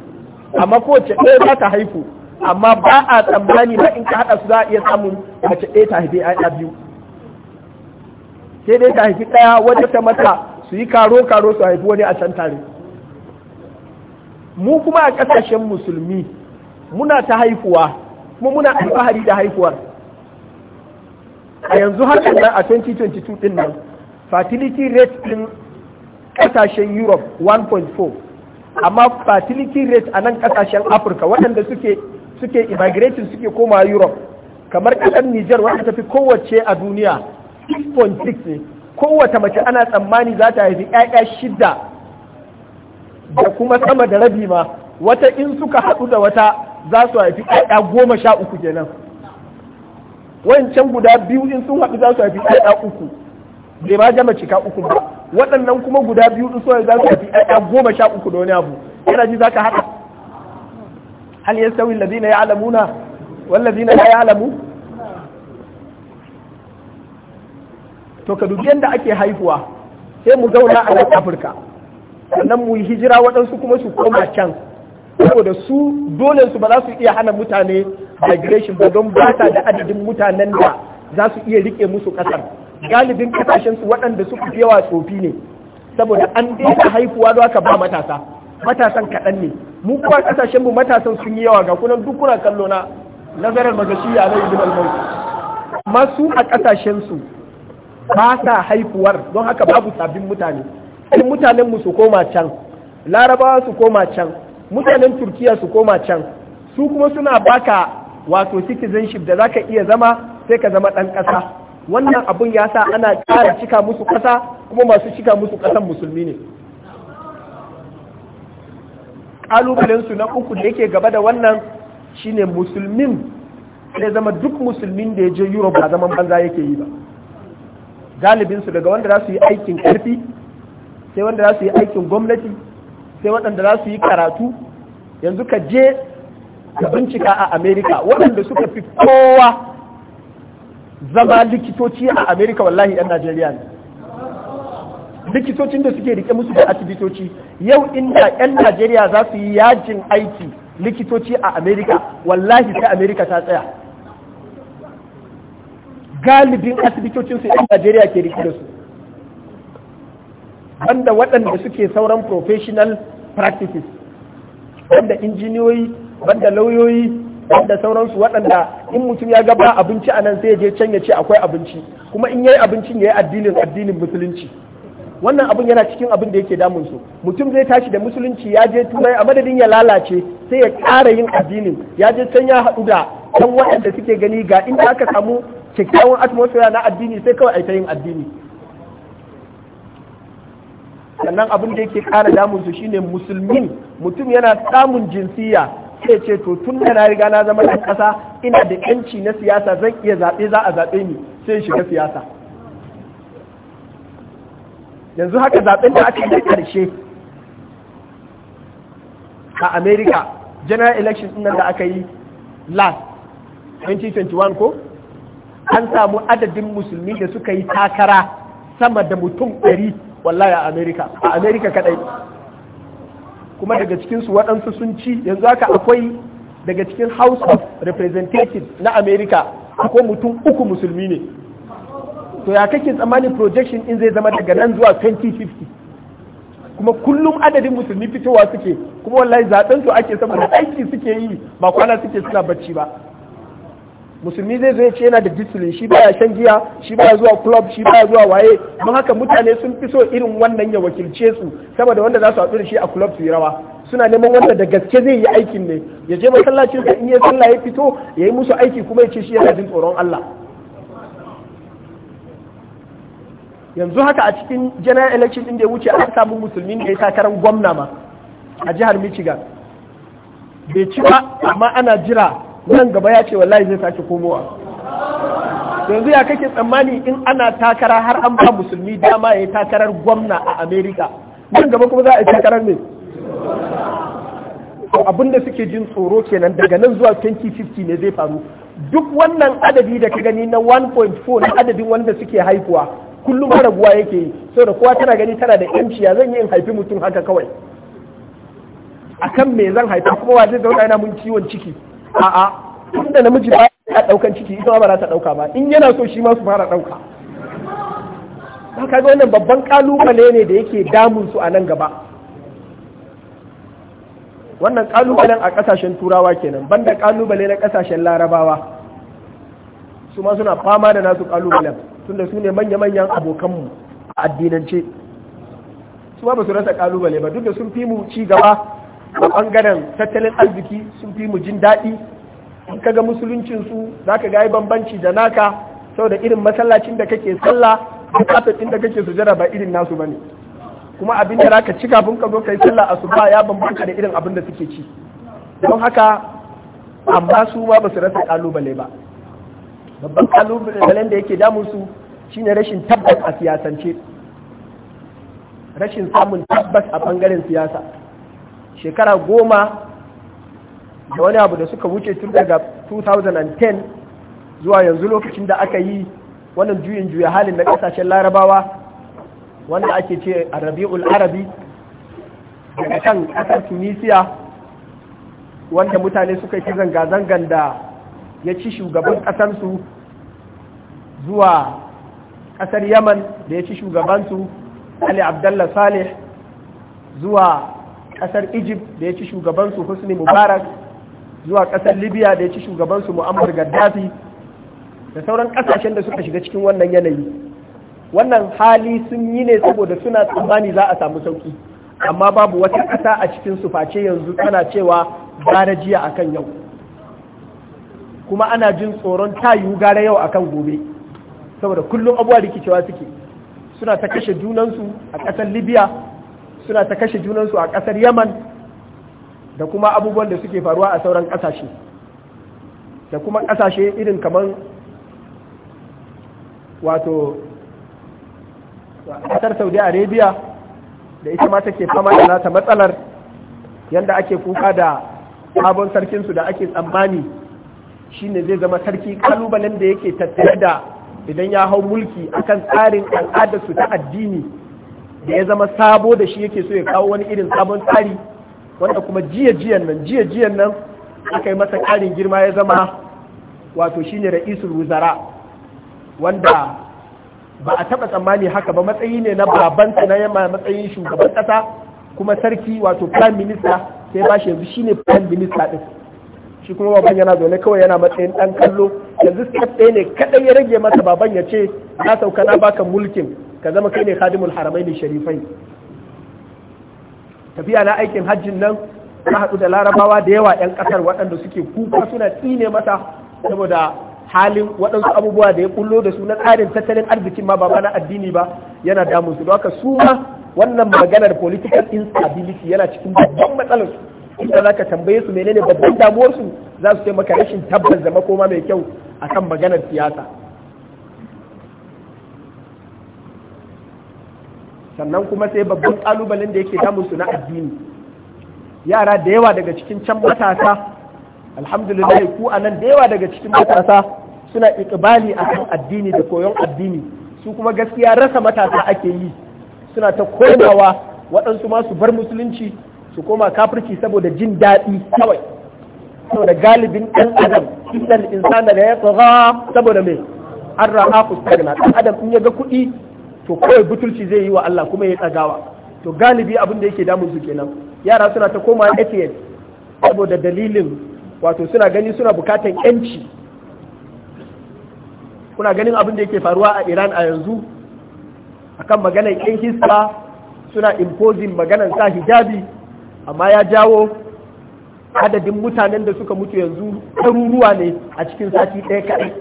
amma kowace ɗaya za ta haifu amma ba a tsammani ba in ka haɗa su za a iya samun mace ɗaya ta haifi ƴaƴa biyu sai dai ta haifi ɗaya wata ta mata su yi karo karo su haifi wani a can tare mu kuma a ƙasashen musulmi muna ta haifuwa kuma muna alfahari da haifuwar a yanzu haka nan a 2022 din nan fertility rate din ƙasashen europe 1.4 amma fertility rate a nan ƙasashen afirka waɗanda suke suke immigrating suke koma europe kamar ƙasar niger wata ta fi kowace a duniya 6.6 ne kowace mace ana tsammani za ta haifi 'ya'ya shida da kuma sama da rabi ma wata in suka haɗu da wata za su haifi ɗaya goma sha uku kenan wancan guda biyu in sun haɗu za su haifi ɗaya uku bai ma jama cika uku ba waɗannan kuma guda biyu in sun za su haifi ɗaya goma sha uku da wani abu yana ji za ka haɗa hal yastawi alladhina ya'lamuna wani ladina ya alamu to ka dubi yadda ake haihuwa sai mu zauna a nan Afirka sannan mu yi hijira waɗansu kuma su koma can saboda su dole su ba za su iya hana mutane migration ba don ba da adadin mutanen da za su iya rike musu ƙasar galibin kasashen su waɗanda suka fi yawa tsofi ne saboda an daina haifuwa da aka ba matasa matasan kaɗan ne mu kuma kasashen mu matasan sun yi yawa ga kunan duk kuna kallo na nazarar magashi ya zai ibn al a ƙasashen su ba sa haifuwar don haka babu sabbin mutane mutanen mu su koma can larabawa su koma can mutanen turkiya su koma can su kuma suna baka wato citizenship da zaka iya zama sai ka zama ɗan ƙasa wannan abun ya sa ana ƙara cika musu ƙasa kuma masu cika musu ƙasan musulmi ne su na uku da yake gaba da wannan shine musulmin sai zama duk musulmin da ya je europe ba zaman banza yake yi ba galibinsu daga wanda za su yi aikin karfi sai wanda za su yi aikin gwamnati sai waɗanda za su yi karatu yanzu ka je ka bincika a amerika waɗanda suka fi kowa zama likitoci a amerika wallahi 'yan najeriya ne likitocin da suke rike musu da asibitoci yau inda 'yan najeriya za su yi yajin aiki likitoci a amerika wallahi sai amerika ta tsaya galibin asibitocinsu 'yan najeriya ke rike da su banda waɗanda suke sauran professional practices banda injiniyoyi banda lauyoyi banda sauransu waɗanda in mutum ya gaba abinci a nan sai ya je can ya ce akwai abinci kuma in yayi abincin ya yi addinin addinin musulunci wannan abin yana cikin abin da yake damun su mutum zai tashi da musulunci ya je turai a madadin ya lalace sai ya ƙara yin addinin ya je can ya haɗu da kan waɗanda suke gani ga inda aka samu kyakkyawan atmosphere na addini sai kawai a yin addini sannan abin da yake kara damun su shine musulmin mutum yana samun jinsiya sai ce to tun da na riga na zama ɗan ƙasa ina da yanci na siyasa zan iya zaɓe za a zaɓe ni sai shiga siyasa yanzu haka zaɓen da aka yi ƙarshe a america general election ɗin da aka yi last 2021 ko an samu adadin musulmi da suka yi takara sama da mutum ɗari. wallahi a america a america kadai kuma daga cikin su waɗansu sun ci yanzu haka akwai daga cikin house of representatives na amerika akwai mutum uku musulmi ne to ya kake tsammanin projection in zai zama daga nan zuwa 2050 kuma kullum adadin musulmi fitowa suke kuma wallahi zaɓen su ake saboda aiki suke yi ba kwana suke suna bacci ba musulmi zai zo ya ce yana da disney shi baya shan giya shi baya zuwa club shi baya zuwa waye don haka mutane sun fi so irin wannan ya wakilce su saboda wanda za su haɗu da shi a club su yi rawa suna neman wanda da gaske zai yi aikin ne ya je masallacin sa in ya sallah ya fito ya yi musu aiki kuma ya ce shi yana jin tsoron Allah yanzu haka a cikin general election din da ya wuce an samu musulmi ne ya takarar gwamna ma a jihar Michigan bai ci ba amma ana jira nan gaba ya ce wallahi zai sake komowa yanzu ya kake tsammani in ana takara har an ba musulmi dama ya takarar gwamna a amerika nan gaba kuma za a yi takarar ne abinda suke jin tsoro kenan daga nan zuwa 2050 ne zai faru duk wannan adadi da ka gani na 1.4 na adadin wanda suke haihuwa kullum raguwa yake yi sau da kowa tana gani tana da yanci ya zan yi in haifi mutum haka kawai akan me zan haifa kuma wa zai zauna yana mun ciwon ciki a'a inda namiji ba ya ɗaukan ciki ita ba za ta dauka ba in yana so shi ma su fara dauka ba kaga wannan babban kalubale ne da yake damun su a nan gaba wannan kalubalen a kasashen turawa kenan banda kalubale na kasashen larabawa su ma suna fama da nasu kalubalen tunda su ne manya-manyan abokanmu a addinance su ba ba su rasa kalubale ba duk da sun fi mu ci gaba a ɓangaren tattalin arziki sun fi mu jin daɗi in ka ga musuluncinsu za ka ga yi bambanci da naka saboda irin masallacin da kake sallah da kafin da kake sujada ba irin nasu ba ne kuma abin da zaka ci kafin ka zo ka yi su ba ya bambanta da irin abin da suke ci don haka amma su ma ba su rasa kalubale ba babban ƙalubale da yake damun su shine rashin tabbas a siyasance rashin samun tabbas a bangaren siyasa shekara goma da wani abu da suka wuce tun daga 2010 zuwa yanzu lokacin da aka yi wannan juyin juya halin na kasashen larabawa wanda ake ce a rabi'ul arabi daga kan kasar tunisia wanda mutane suka yi zanga-zangan da ya ci shugaban kasansu zuwa kasar yaman da ya ci shugabansu ali abdallah salih zuwa kasar egypt da ya ci shugabansu husni mubarak zuwa kasar libya da ya ci shugabansu mu'ammar gaddafi da sauran kasashen da suka shiga cikin wannan yanayi wannan hali sun yi ne saboda suna tsammani za a samu sauki amma babu wata ƙasa a cikin su face yanzu tana cewa gara jiya akan yau kuma ana jin tsoron tayu gara yau akan gobe saboda kullum abuwa rikicewa suke suna ta kashe junansu a kasar libya suna ta kashe junansu a ƙasar yaman da kuma abubuwan da suke faruwa a sauran ƙasashe da kuma ƙasashe irin kamar wato ƙasar saudi arabia da ita ma take fama da nata matsalar yadda ake kuka da sabon sarkinsu da ake tsammani shine zai zama sarki kalubalen da yake tattare da idan ya hau mulki akan tsarin al'adarsu ta addini da ya zama sabo da shi yake so ya kawo wani irin sabon tsari wanda kuma jiya jiyan nan jiya jiyan nan aka yi masa karin girma ya zama wato shi ne ra'isul wuzara wanda ba a taɓa tsammani haka ba matsayi ne na babansa na yamma matsayin shugaban ƙasa kuma sarki wato prime minister sai ba shi yanzu shi ne prime minister ɗin. shi kuma baban yana zaune kawai yana matsayin ɗan kallo yanzu step ɗaya ne kaɗai ya rage masa baban ya ce na sauka na baka mulkin ka zama kai ne khadimul haramai ne sharifai tafiya na aikin hajjin nan ta haɗu da larabawa da yawa 'yan ƙasar waɗanda suke kuka suna tsine masa saboda halin waɗansu abubuwa da ya kullo da su na tsarin tattalin arzikin ma ba na addini ba yana damun su don haka su ma wannan maganar political instability yana cikin babban matsalar su inda za ka tambaye su menene babban damuwar za su taimaka rashin tabbas da makoma mai kyau akan maganar siyasa sannan kuma sai babban kalubalen da yake damun su na addini yara da yawa daga cikin can matasa alhamdulillah ku nan da yawa daga cikin matasa suna a kan addini da koyon addini su kuma gaskiya rasa matasa ake yi suna ta komawa waɗansu masu bar musulunci su koma kafirci saboda jin daɗi kawai saboda galibin ɗan adam ɗan insana da ya tsoga saboda mai an ra'a ku adam in ya ga kuɗi to kawai butulci zai yi wa Allah kuma ya tsagawa to galibi abin da yake damun su kenan yara suna ta koma ATM saboda dalilin wato suna gani suna bukatan yanci kuna ganin abin da yake faruwa a Iran a yanzu akan maganar yan hisba suna imposing maganar sa hijabi amma ya jawo adadin mutanen da suka mutu yanzu ɗaruruwa ne a cikin sati ɗaya kaɗai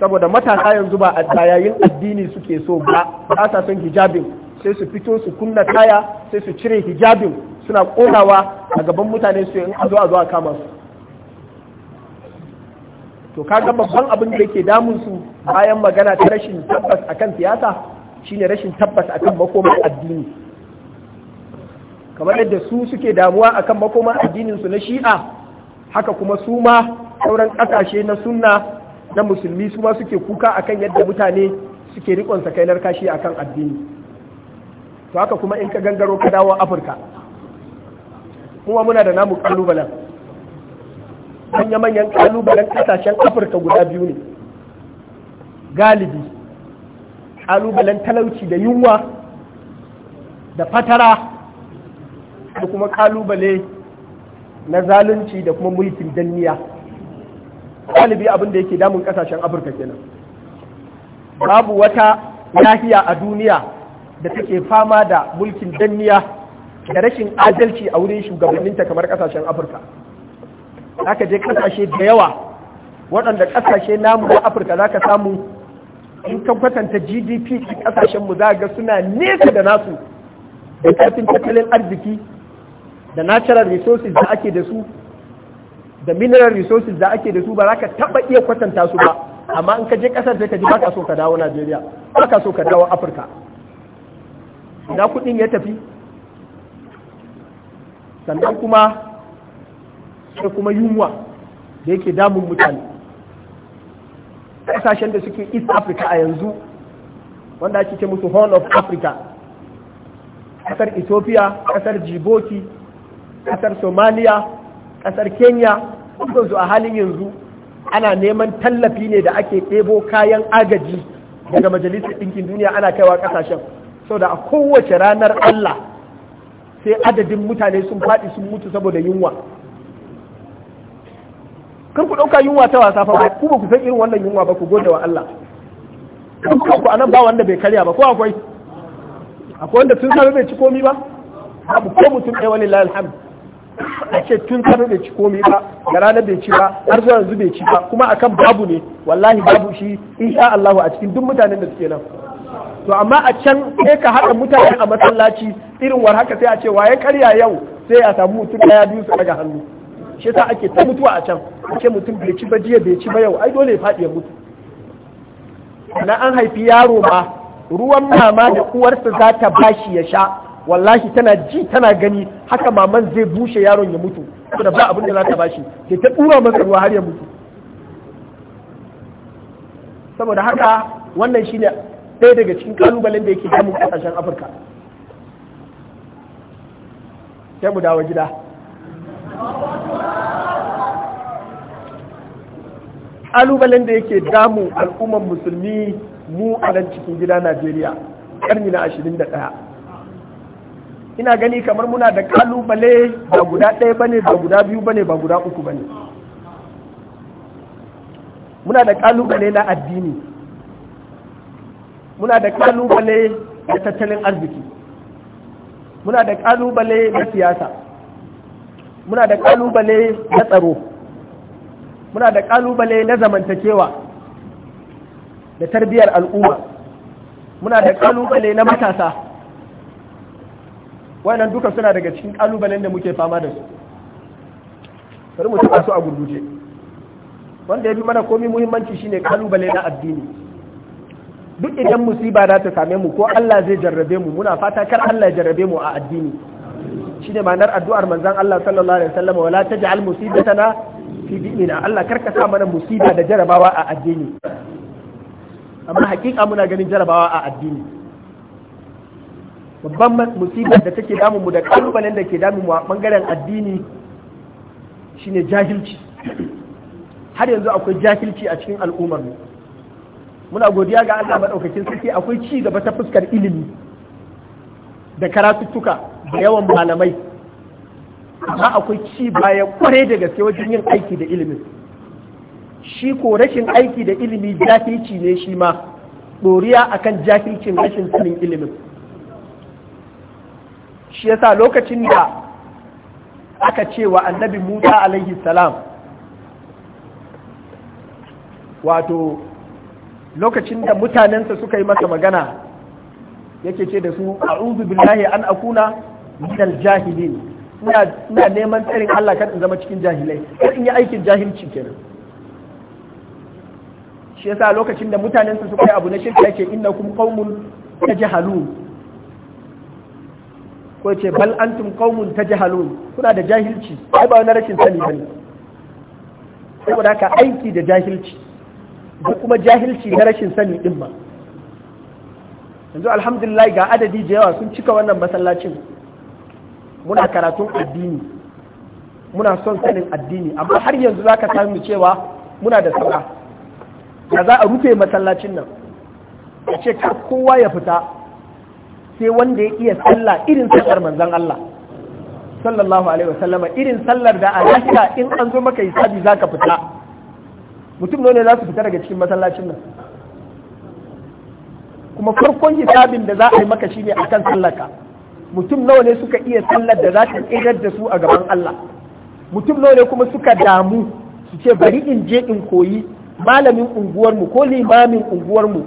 saboda matasa yanzu ba a tsayayin addini suke so ba ba sa son hijabin sai su fito su kunna kaya sai su cire hijabin suna konawa a gaban mutane su in azo a a kama su to kaga babban abin da yake damun su bayan magana ta rashin tabbas akan siyasa shine rashin tabbas akan makomar addini kamar yadda su suke damuwa akan makomar addinin su na shi'a haka kuma su ma sauran ƙasashe na sunna na musulmi su ma suke kuka akan yadda mutane suke rikon sakainar kashi akan addini to haka kuma in ka gangaro ka dawo afirka kuma muna da namu kalubalen manya-manyan kalubalen kasashen afirka guda biyu ne galibi kalubalen talauci da yunwa da fatara da kuma kalubale na zalunci da kuma mulkin danniya. galibi abin da yake damun kasashen afirka kenan babu wata lahiya a duniya da take fama da mulkin danniya da rashin adalci a wurin shugabanninta kamar ƙasashen afirka aka je kasashe da yawa waɗanda ƙasashe namu na afirka za ka samu in ka kwatanta gdp kasashenmu za ga suna nesa da nasu da ƙarfin tattalin arziki da natural resources da ake da su da mineral resources da ake da su ba za ka taɓa iya kwatanta su ba amma in ka je kasar sai ka ji baka so ka dawo Najeriya baka so ka dawo Afirka ina kuɗin ya tafi sannan kuma sai kuma yunwa da yake damun mutane ƙasashen da suke East Africa a yanzu wanda ake ce musu Horn of Africa ƙasar Ethiopia ƙasar Djibouti ƙasar Somalia ƙasar kenya su a halin yanzu ana neman tallafi ne da ake ɗebo kayan agaji daga majalisar ɗinkin duniya ana kaiwa ƙasashen sau da a kowace ranar allah sai adadin mutane sun faɗi sun mutu saboda yunwa kan ku ɗauka yunwa ta wasa fa ku ba ku san irin wannan yunwa ba ku gode wa allah ku anan ba wanda bai karya ba ko akwai akwai wanda tun safe bai ci komi ba abu ko mutum ɗaya wani lalhamdu a ce tun karo bai ci komai ba da rana bai ci ba har zuwa yanzu bai ci ba kuma akan babu ne wallahi babu shi insha Allah a cikin duk mutanen da suke nan to amma a can sai ka haɗa mutane a masallaci irin war haka sai a ce ya karya yau sai a samu mutum daya biyu su daga hannu shi yasa ake ta mutuwa a can a ce mutum bai ci ba jiya bai ci ba yau ai dole ya faɗi ya mutu na an haifi yaro ba, ruwan mama da uwarsa za ta bashi ya sha wallahi tana ji tana gani haka maman zai bushe yaron ya mutu saboda ba abin da za ta bashi sai ta dura masa ruwa har ya mutu saboda haka wannan shine ɗaya daga cikin kalubalen da yake damun kasashen afirka sai mu dawo gida kalubalen da yake damun al'ummar musulmi mu a nan cikin gida najeriya karni na 21 ina gani kamar muna da kalubale ba guda ɗaya bane ba guda biyu bane ba guda uku bane muna da kalubale na addini muna da kalubale na tattalin arziki muna da kalubale na siyasa muna da kalubale na tsaro muna da kalubale na zamantakewa da tarbiyyar al'umma muna da kalubale na matasa wannan duka suna daga cikin kalubalen da muke fama da su bari mu taɓa su a gurguje wanda ya bi mana komi muhimmanci shine kalubale na addini duk idan musiba za ta same mu ko Allah zai jarrabe mu muna fata kar Allah ya jarrabe mu a addini shine ma'anar addu'ar manzon Allah sallallahu alaihi wasallam wala taj'al musibatana fi dinina Allah kar ka sa mana musiba da jarabawa a addini amma hakika muna ganin jarabawa a addini babban musibar da take damun mu da kalubalen da ke damun mu a bangaren addini shine jahilci har yanzu akwai jahilci a cikin al'ummar mu muna godiya ga Allah madaukakin sarki akwai ci gaba ta fuskar ilimi da karatuttuka da yawan malamai amma akwai ci baya kware daga gaske wajen yin aiki da ilimi. shi ko rashin aiki da ilimi jahilci ne shi ma doriya akan jahilcin rashin sanin ilimin shi yasa lokacin da aka ce wa annabi Musa alaihi salam wato lokacin da mutanensa suka yi masa magana yake ce da su a'udhu billahi an akuna minal jahilin ina neman tsarin Allah kan in zama cikin jahilai kar in yi aikin jahilci kenan shi yasa lokacin da mutanensa suka yi abu na shirka yake innakum qaumun tajhalun ko ce bal antum qaumun tajhalun kuna da jahilci ai ba wani rashin sani bane saboda ka aiki da jahilci da kuma jahilci na rashin sani din ba yanzu alhamdulillah ga adadi da yawa sun cika wannan masallacin muna karatun addini muna son sanin addini amma har yanzu zaka samu cewa muna da sauka da za a rufe masallacin nan a ce kowa ya fita sai wanda ya iya sallah irin sallar manzan Allah sallallahu alaihi wasallama irin sallar da a in an zo maka hisabi ka fita mutum ne za su fita daga cikin masallacin nan kuma farkon hisabin da za a yi maka shine akan sallaka mutum nawa ne suka iya sallar da za ta tsirar da su a gaban Allah mutum nawa ne kuma suka damu su ce bari in je in koyi malamin unguwarmu ko limamin unguwarmu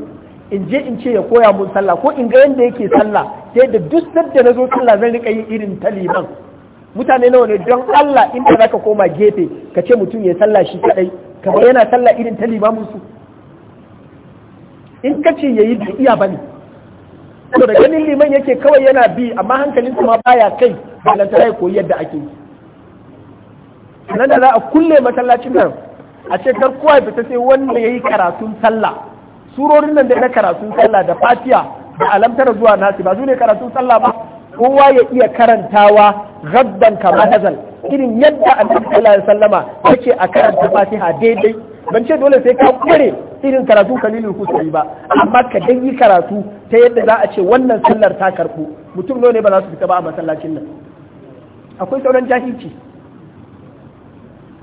in je in ce ya koya mun sallah ko in ga yadda yake sallah sai da duk sadda na zo sallah zan rika yi irin taliman. mutane nawa ne don Allah in za zaka koma gefe ka ce mutum ya sallah shi kadai kaba yana sallah irin taliman musu. in ka ce yayi da iya bane to da ganin liman yake kawai yana bi amma hankalin ma baya kai ta yi koyi yadda ake yi nan da za a kulle masallacin nan a ce kar kowa ta sai wanda yayi karatun sallah surorin nan da na karatun sallah da fatiya da alamtar zuwa nasi ba su ne karatun sallah ba kowa ya iya karantawa gaddan kama nazal irin yadda annabi sallallahu sallama wasallama yake a karanta fatiha daidai ban ce dole sai ka kware irin karatu kalilul kusuri ba amma ka dan karatu ta yadda za a ce wannan sallar ta karbu mutum ne ba za su fita ba a masallacin nan akwai sauran jahilci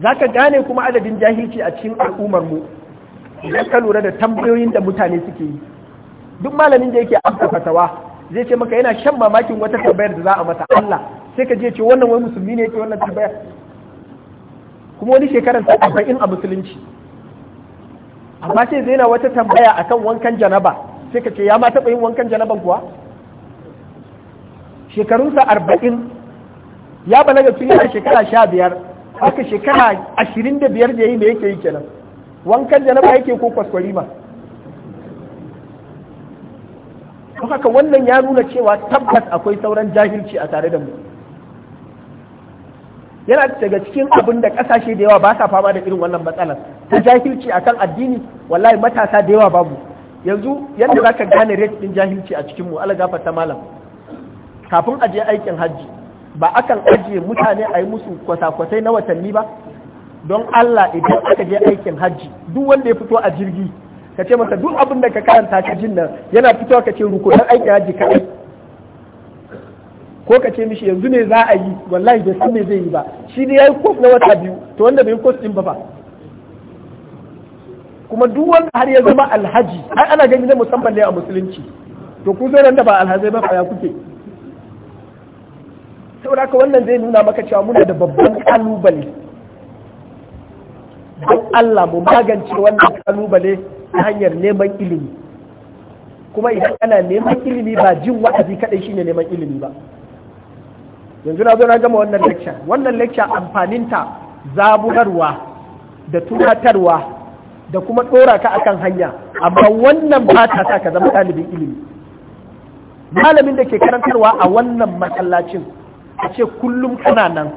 zaka gane kuma adadin jahilci a cikin al'ummar mu idan ka lura da tambayoyin da mutane suke yi duk malamin da yake amsa fatawa zai ce maka yana shan mamakin wata tambayar da za a masa Allah sai ka je ce wannan wani musulmi ne yake wannan tambayar kuma wani shekaran sa arba'in a musulunci amma sai zai na wata tambaya akan wankan janaba sai ka ce ya ma taɓa yin wankan janaban kuwa shekarunsa arba'in ya balaga tun yana shekara sha biyar haka shekara ashirin da biyar da yi me yake yi kenan wankan da ba yake ko kwaskwari ba haka wannan ya nuna cewa tabbas akwai sauran jahilci a tare da mu yana daga cikin abin da kasashe da yawa ba sa fama da irin wannan matsalar ta jahilci akan addini wallahi matasa da yawa babu yanzu yadda za ka gane rate din jahilci a cikinmu ala gafarta malam kafin a je aikin hajji ba akan ajiye mutane a yi musu kwasa-kwasai na watanni ba don Allah idan aka je aikin hajji duk wanda ya fito a jirgi ka ce masa duk abin da ka karanta ka jin nan yana fito ka ce rukunan aikin hajji kaɗai ko ka ce mishi yanzu ne za a yi wallahi bai san ne zai yi ba shi ne yayi kos na wata biyu to wanda bai kos din ba ba kuma duk wanda har ya zama alhaji ai ana gani zai musamman ne a musulunci to ku zai da ba alhazai ba ya kuke saboda haka wannan zai nuna maka cewa muna da babban kalubale don Allah mu magance wannan kalubale ta hanyar neman ilimi kuma idan ana neman ilimi ba jin wa'azi kadai shine neman ilimi ba yanzu na zo na gama wannan lecture wannan lecture amfaninta zaburarwa da tunatarwa da kuma ɗora ka akan hanya amma wannan ba ta sa ka zama ɗalibin ilimi malamin da ke karantarwa a wannan masallacin a ce kullum kana nan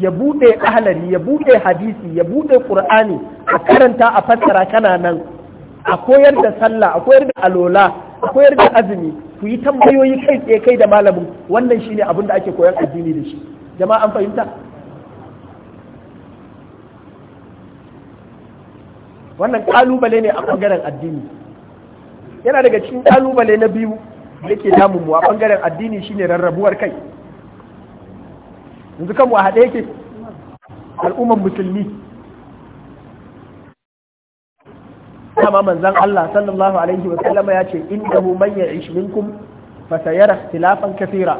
ya buɗe ahalari ya buɗe hadisi ya buɗe ƙur'ani a karanta a fassara kana nan a koyar da sallah a koyar da alola a koyar da azumi ku yi tambayoyi kai tsaye kai da malamin wannan shine abin da ake koyan addini da shi jama'a an fahimta wannan kalubale ne a bangaren addini yana daga cikin kalubale na biyu da ke damun mu a bangaren addini shine rarrabuwar kai yanzu kan a haɗe yake al'umman musulmi kama manzan Allah sallallahu alaihi wa sallama ya ce indahu man ya'ish minkum fa sayara ikhtilafan kathira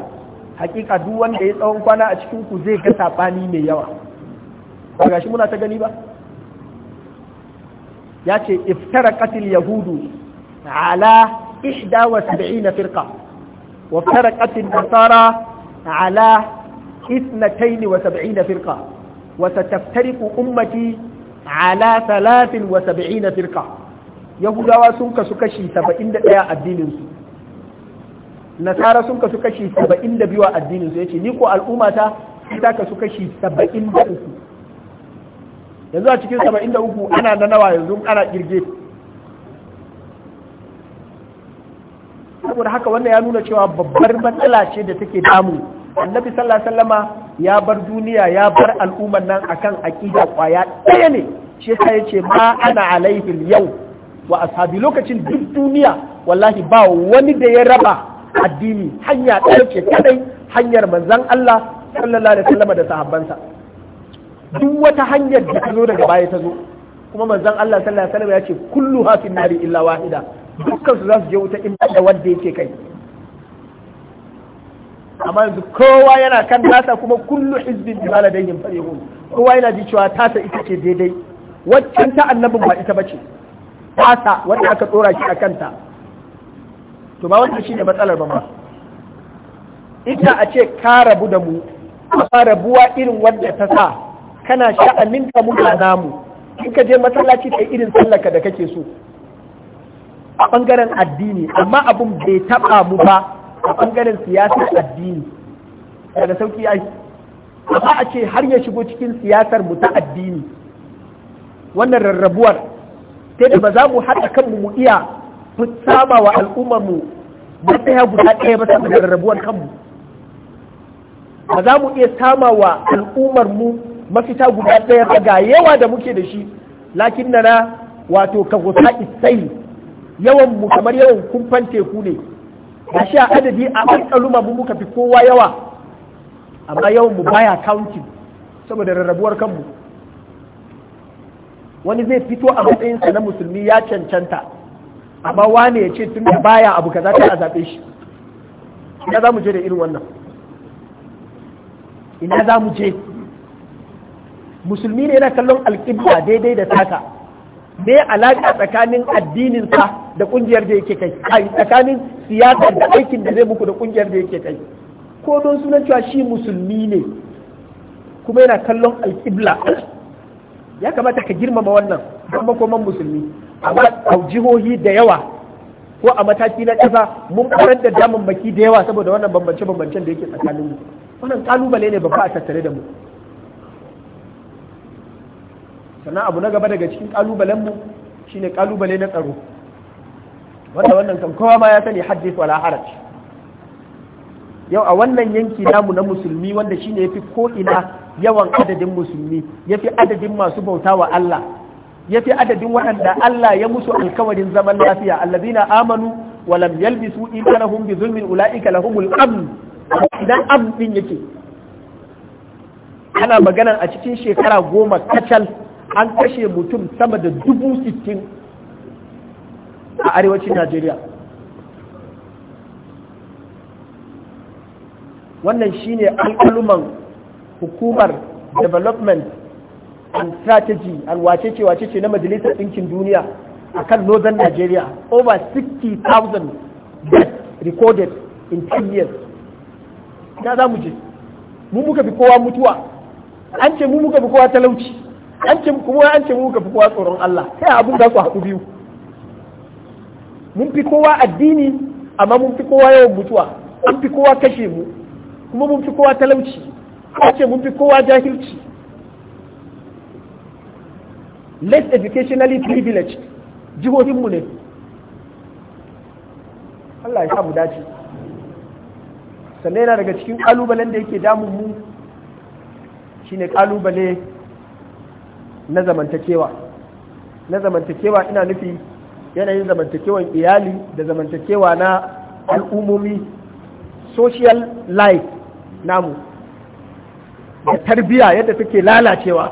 hakika duk wanda ya tsawon kwana a cikin ku zai ga sabani mai yawa ba gashi muna ta gani ba ya ce iftaraqat yahudu ala 71 firqa wa iftaraqat an-nasara ala اثنتين وسبعين فرقة وستفترق أمتي على ثلاث وسبعين فرقة yahudawa sun kasu kashi saba'in da ɗaya addininsu nasara sun kasu kashi saba'in da biyu a addininsu ya ce kashi saba'in da uku yanzu a cikin saba'in da uku ana na nawa yanzu ana kirge saboda haka wannan ya nuna cewa babbar matsala ce da take damu annabi sallallahu alaihi ya bar duniya ya bar al'ummar nan akan aqida kwaya ɗaya ne shi yasa yace ma ana alaihi yau wa ashabi lokacin duk duniya wallahi ba wani da ya raba addini hanya ɗaya ce kadai hanyar manzon Allah sallallahu alaihi wasallama da sahabbansa duk wata hanyar da ta zo daga baya ta zo kuma manzon Allah sallallahu alaihi wasallam ya ce kullu hafin nari illa wahida dukkan su za su je wuta in da wanda yake kai amma yanzu kowa yana kan nasa kuma kullu hizbin bima ladayhim farihun kowa yana ji cewa tasa ita ce daidai waccan ta annabin ba ita bace tasa wanda aka tsora shi a kanta to ba wannan shine matsalar ba ma ita a ce ka rabu da mu ka rabuwa irin wanda ta sa kana sha'anin ka da namu in ka je masallaci kai irin sallaka da kake so a bangaren addini amma abun bai taɓa mu ba a ɓangaren siyasar addini daga sauki ai amma a ce har ya shigo cikin siyasar mu ta addini wannan rarrabuwar sai da ba za mu haɗa kanmu mu iya saba wa al'ummar mu matsaya guda ɗaya ba saboda rarrabuwar kanmu ba za mu iya sama wa al'ummar mu mafita guda ɗaya ba ga yawa da muke da shi lakin na wato ka gusa isai yawan mu kamar yawan kumfan teku ne ga shi a adadi a matsaluma mu muka fi kowa yawa amma yawan mu baya counting saboda rarrabuwar kanmu wani zai fito a matsayinsa na musulmi ya cancanta amma wane ya ce tun da baya abu za ta a zaɓe shi ina za mu je da irin wannan ina za mu je musulmi ne yana kallon alƙibla daidai da taka me alaƙa tsakanin addinin addininsa da kungiyar da yake kai a tsakanin siyasa da aikin da zai muku da kungiyar da yake kai ko don sunan cewa shi musulmi ne kuma yana kallon alƙibla ya kamata ka girmama wannan don makoman musulmi A a jihohi da yawa ko a mataki na ƙasa mun karar da damammaki da yawa saboda wannan bambance-bambancen da yake tsakanin mu wannan kalubale ne babba a tattare da mu sannan abu na gaba daga cikin kalubalen mu shine kalubale na tsaro wanda wannan kan kowa ma ya sani hadith wala haraj yau a wannan yanki namu na musulmi wanda shine yafi ko ina yawan adadin musulmi yafi adadin masu bauta wa Allah yafi adadin waɗanda Allah ya musu alkawarin zaman lafiya allazina amanu wa lam yalbisu imanahum bi zulmin ulaika lahumul amn idan amn din yake ana maganan a cikin shekara goma kacal an kashe mutum sama da dubu sittin a arewacin najeriya wannan shine alƙaluman hukumar development and strategy and wacece wacece na majalisar ɗinkin duniya a kan northern nigeria over 60,000 deaths recorded in 10 years na za mu je mu muka fi kowa mutuwa an ce mu muka fi kowa talauci an ce kuma an ce mu muka fi kowa tsoron Allah sai abun za su haɗu biyu mun fi kowa addini amma mun fi kowa yawan mutuwa an fi kowa kashe mu kuma mun fi kowa talauci a ce mun fi kowa jahilci less educationally privileged jihohinmu ne Allah ya mu dace sannan yana daga cikin kalubalen da yake damun mu shine kalubale na zamantakewa na zamantakewa ina nufi yanayin zamantakewan iyali da zamantakewa na al'ummomi social life namu da tarbiya yadda take lalacewa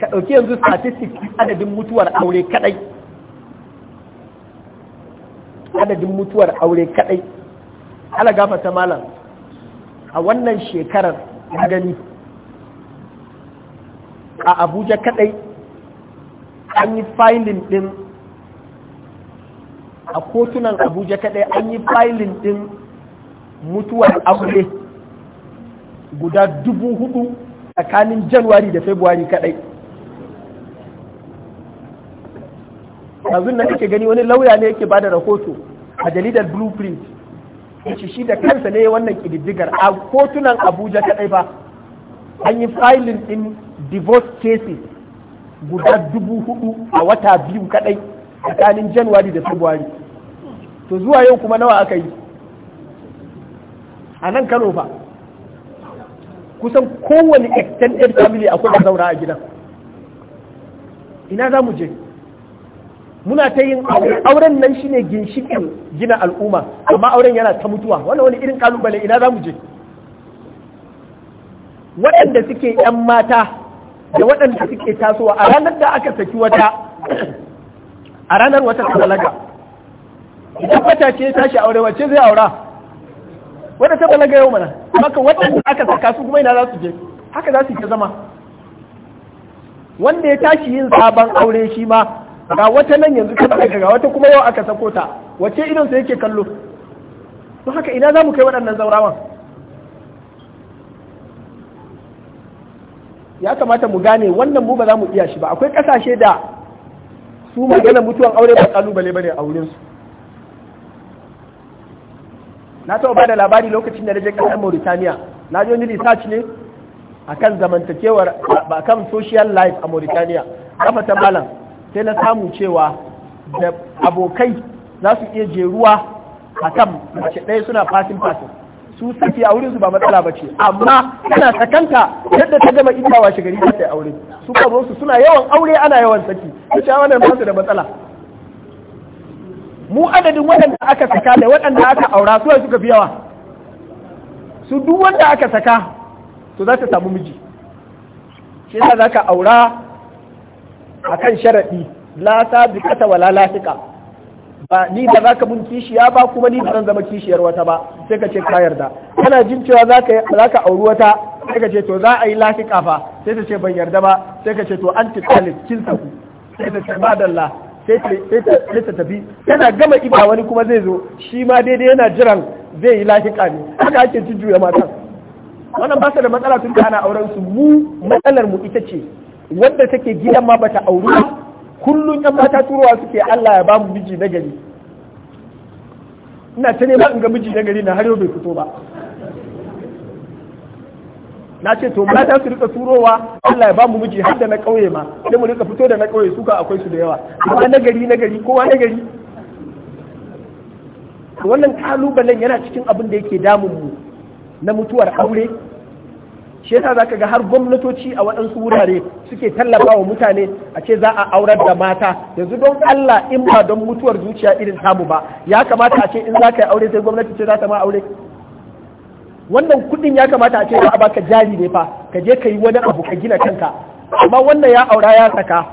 ka ɗauki yanzu statistics adadin mutuwar aure kadai adadin mutuwar aure kadai ala gafata malam a wannan shekarar gani a abuja kadai an yi filin ɗin a kotunan abuja kaɗai an yi filin din mutuwar aure guda dubu hudu tsakanin januwari da februari kaɗai yanzu na kake gani wani lauya ne yake bada rahoto a jaridar blueprint yace shi da kansa ne wannan ƙididdigar a kotunan abuja kaɗai ba an yi filin ɗin divorce cases guda dubu hudu a wata biyu kadai tsakanin januwari da sabuwari to zuwa yau kuma nawa aka yi a nan kano fa kusan kowane extended family akwai zaura a gidan ina za mu je muna ta yin auren nan shine ginshikin gina al'umma amma auren yana ta mutuwa wannan wani irin kalubale ina za mu je waɗanda suke 'yan mata da waɗanda suke tasowa a ranar da aka saki wata a ranar wata ta balaga idan wata ce tashi aure wacce zai aura Wata ta balaga yau mana maka waɗanda aka saka su kuma ina za su je haka za su ke zama wanda ya tashi yin sabon aure shi ma ga wata nan yanzu ta balaga ga wata kuma yau aka sako ta wacce idon sa yake kallo to haka ina za mu kai waɗannan zaurawan ya kamata mu gane wannan mu ba za mu iya shi ba akwai kasashe da su maganar mutuwan aure ba kalubale ne a wurin su na taɓa ba da labari lokacin da na je ƙasar Mauritania na ji wani research ne akan zamantakewar ba kan social life a Mauritania kafa ta malam sai na samu cewa da abokai za su iya jeruwa akan mace ɗaya suna fasin fasin su saki a wurin su ba matsala ba ce amma tana sakanta yadda ta gama ita wa shigari ta aure su kan su suna yawan aure ana yawan saki ta sha ah, wannan ba su da matsala mu adadin waɗanda aka saka da waɗanda aka aura su suka fi yawa su duk wanda aka saka to za ta samu miji shi yasa za ka aura akan sharaɗi la sabiqata wala lasika ba ni da zaka mun kishiya ba kuma ni da zan zama kishiyar wata ba sai ka ce ka yarda kana jin cewa zaka zaka auri wata sai ka ce to za a yi lafi kafa sai ta ce ban yarda ba sai ka ce to anti talib kin ku sai ta ce madalla sai ta tafi yana gama iba wani kuma zai zo shi ma daidai yana jiran zai yi lafi ne haka ake jujjuya matan wannan ba su da matsala tun da ana auren su mu matsalar mu ita ce wanda take gidan ma bata auri kullum yan mata turowa suke Allah ya bamu miji na gari ina ta nema in ga miji na gari na har yau bai fito ba na ce to mata su rika turowa Allah ya bamu miji har da na kauye ma sai mu rika fito da na kauye suka akwai su da yawa amma na gari na gari kowa na gari wannan kalubalen yana cikin abin da yake damun mu na mutuwar aure shi yasa zaka ga har gwamnatoci a waɗansu wurare suke tallafa wa mutane a ce za a aurar da mata yanzu don Allah in ba don mutuwar zuciya irin tamu ba ya kamata a ce in za ka yi aure sai gwamnati ce za ta ma aure wannan kuɗin ya kamata a ce ba a baka jari ne fa ka je ka yi wani abu ka gina kanka amma wannan ya aura ya saka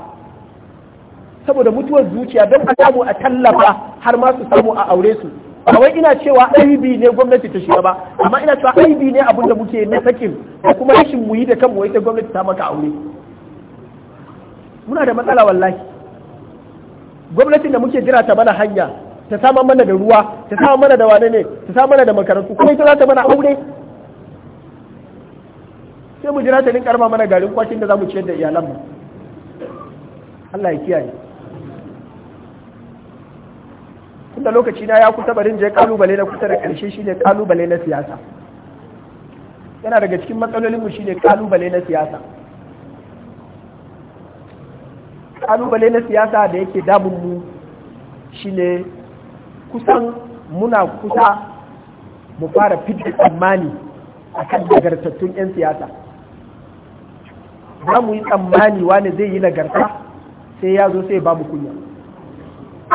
saboda mutuwar zuciya don a samu a tallafa har ma su samu a aure su kawai wai ina cewa aibi ne gwamnati ta shiga ba amma ina cewa aibi ne abin da muke na sakin da kuma rashin muyi da kanmu wai ta gwamnati ta maka aure muna da matsala wallahi gwamnatin da muke jira ta mana hanya ta samar mana da ruwa ta samar mana da wane ne ta samar mana da makarantu kuma ita za ta mana aure sai mu jira ta rinka mana garin kwashin da za mu ciyar da iyalanmu Allah ya kiyaye tunda lokaci na ya kusa barin je kalubale na kusa da karshe shine kalubale na siyasa yana daga cikin matsalolin mu shine kalubale na siyasa kalubale na siyasa da yake damun mu shine kusan muna kusa mu fara fidda tsammani akan nagartattun 'yan siyasa za mu yi tsammani wani zai yi nagarta sai ya zo sai ba mu kunya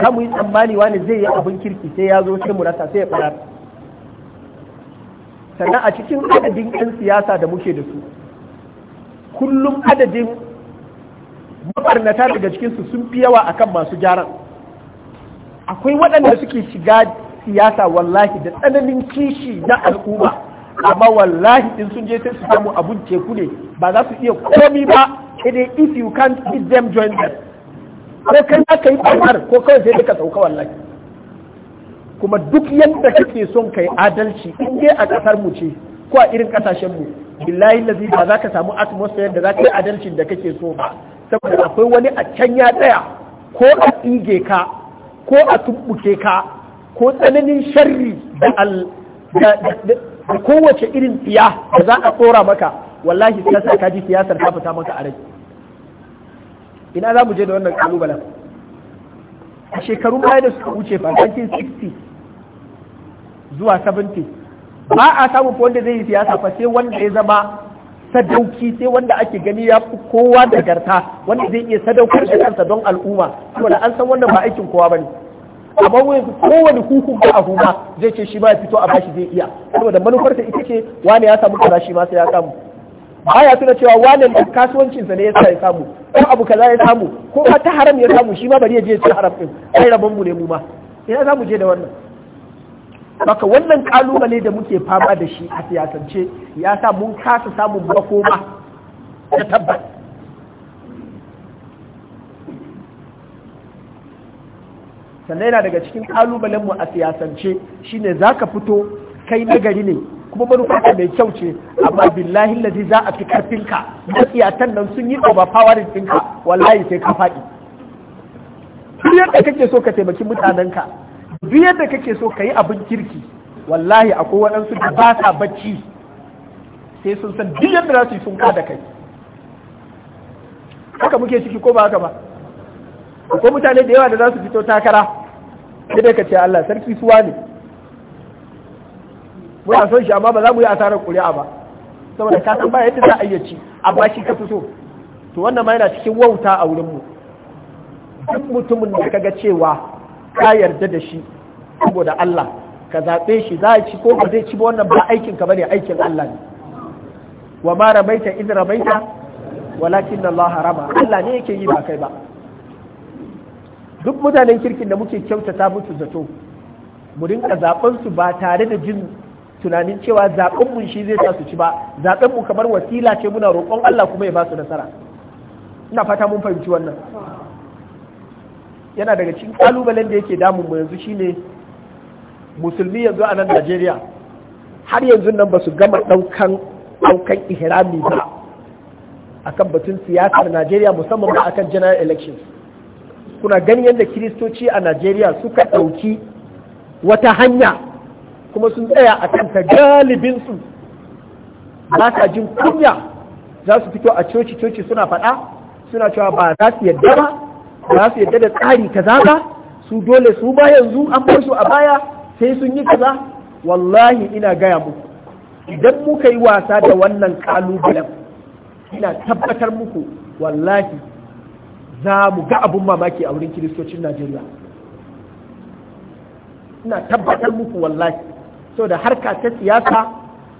za mu yi tsammani wani zai yi abin kirki sai ya zo sai murata sai ya fara sannan a cikin adadin 'yan siyasa da muke da su kullum adadin mabarnata daga cikinsu sun fi yawa akan masu jaran. akwai waɗanda suke shiga siyasa wallahi da tsananin kishi na al'umma amma wallahi in sun je sai su samu abun teku ne ba za su iya komi ba sai dai if you can't them join them ko kai za ka yi ƙwarar ko kawai sai duka sauka wallahi kuma duk yadda kake son kai adalci in dai a ƙasar mu ce ko a irin ƙasashen mu billahi lazi ba za ka samu atmosphere da za ka yi adalcin da kake so ba saboda akwai wani a can ya tsaya ko a tsige ka ko a tumbuke ka ko tsananin sharri da kowace irin tsiya da za a tsora maka wallahi siyasa ka ji siyasar ta fita maka a rai ina za mu je da wannan kalubalen a shekaru baya da suka wuce ba 1960 zuwa 70 ba a samun wanda zai yi siyasa fa sai wanda ya zama sadauki sai wanda ake gani ya fi kowa da garta wanda zai iya sadaukar da kansa don al'umma saboda an san wannan ba aikin kowa bane amma wai kowane hukun ba a huma zai ce shi ba ya fito a bashi zai iya saboda manufarsa ita ce wani ya samu kaza shi ma sai ya samu baya tuna cewa wannan da kasuwancinsa ne yasa ya samu ko abu kaza ya samu ko ma ta haram ya samu shi ma bari ya je ci haram din ai rabon mu ne mu ma ina za mu je da wannan Baka wannan kalubale da muke fama da shi a siyasance ya sa mun kasa samun ba ta tabbas sannan yana daga cikin mu a siyasance shine za ka fito kai nagari ne kuma manufarka mai kyau ce amma billahi lazi za a fi karfinka matsiyatan nan sun yi overpowering ɗinka wallahi sai ka faɗi duk yadda kake so ka taimaki mutanenka duk yadda kake so ka yi abin kirki wallahi akwai waɗansu da ba sa bacci sai sun san duk yadda za su yi sun da kai haka muke ciki ko ba haka ba akwai mutane da yawa da za su fito takara sai dai ka ce Allah sarki suwa ne muna son shi amma ba za mu yi asarar ƙuri'a ba saboda ka san ba yadda za a iya ci amma shi ka fi so to wannan ma yana cikin wauta a wurin mu duk mutumin da kaga cewa ka yarda da shi saboda Allah ka zaɓe shi za a ci ko ba zai ci ba wannan ba aikin ka bane aikin Allah ne wa ma ramaita in ramaita walakin Allah rama Allah ne yake yi ba kai ba duk mutanen kirkin da muke kyautata musu zato mu rinka zaben su ba tare da jin tunanin cewa zaɓen mu shi zai sa su ci ba zaɓen mu kamar wasila ce muna roƙon Allah kuma ya ba su nasara ina fata mun fahimci wannan yana daga cikin kalubalen da yake damun mu yanzu shine musulmi yanzu a nan Najeriya har yanzu nan ba su gama ɗaukan ɗaukan ihrami ba akan batun siyasar Najeriya musamman ba akan general elections kuna ganin yadda kiristoci a Najeriya suka ɗauki wata hanya kuma sun tsaya a kanta galibinsu ba sa jin kunya za su fito a coci coci suna faɗa suna cewa ba za su yadda ba za su yadda da tsari kaza ba su dole su ba yanzu an bar su a baya sai sun yi kaza wallahi ina gaya muku idan muka yi wasa da wannan kalubalen ina tabbatar muku wallahi za mu ga abun mamaki a wurin kiristocin najeriya ina tabbatar muku wallahi so da harka ta siyasa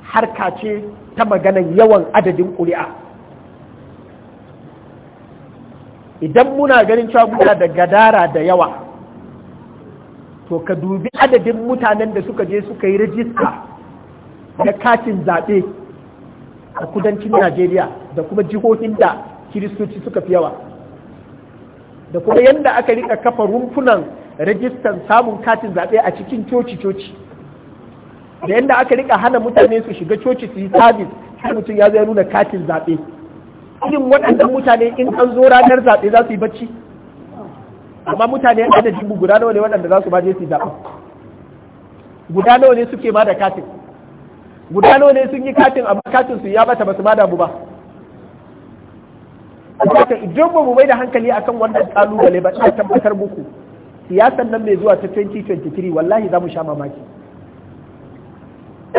harka ce ta maganan yawan adadin ƙuri'a idan muna ganin cewa muna da gadara da yawa to ka dubi adadin mutanen da suka je suka yi rajista da katin zaɓe a kudancin najeriya da kuma jihohin da kiristoci suka fi yawa da kuma yadda aka rika kafa rumfunan rajistan samun katin zaɓe a cikin coci-coci da yadda aka rika hana mutane su shiga coci su yi sabis har mutum ya zai nuna katin zaɓe irin waɗannan mutane in an zo ranar zaɓe za su yi bacci amma mutane da mu guda nawa ne waɗanda za su ba je su yi zaɓe guda nawa ne suke ma da katin guda nawa ne sun yi katin amma katin su ya bata ba su ma damu ba idan ba mu mai da hankali akan wannan ƙalubale ba ta tabbatar muku siyasan nan mai zuwa ta 2023 wallahi za mu sha mamaki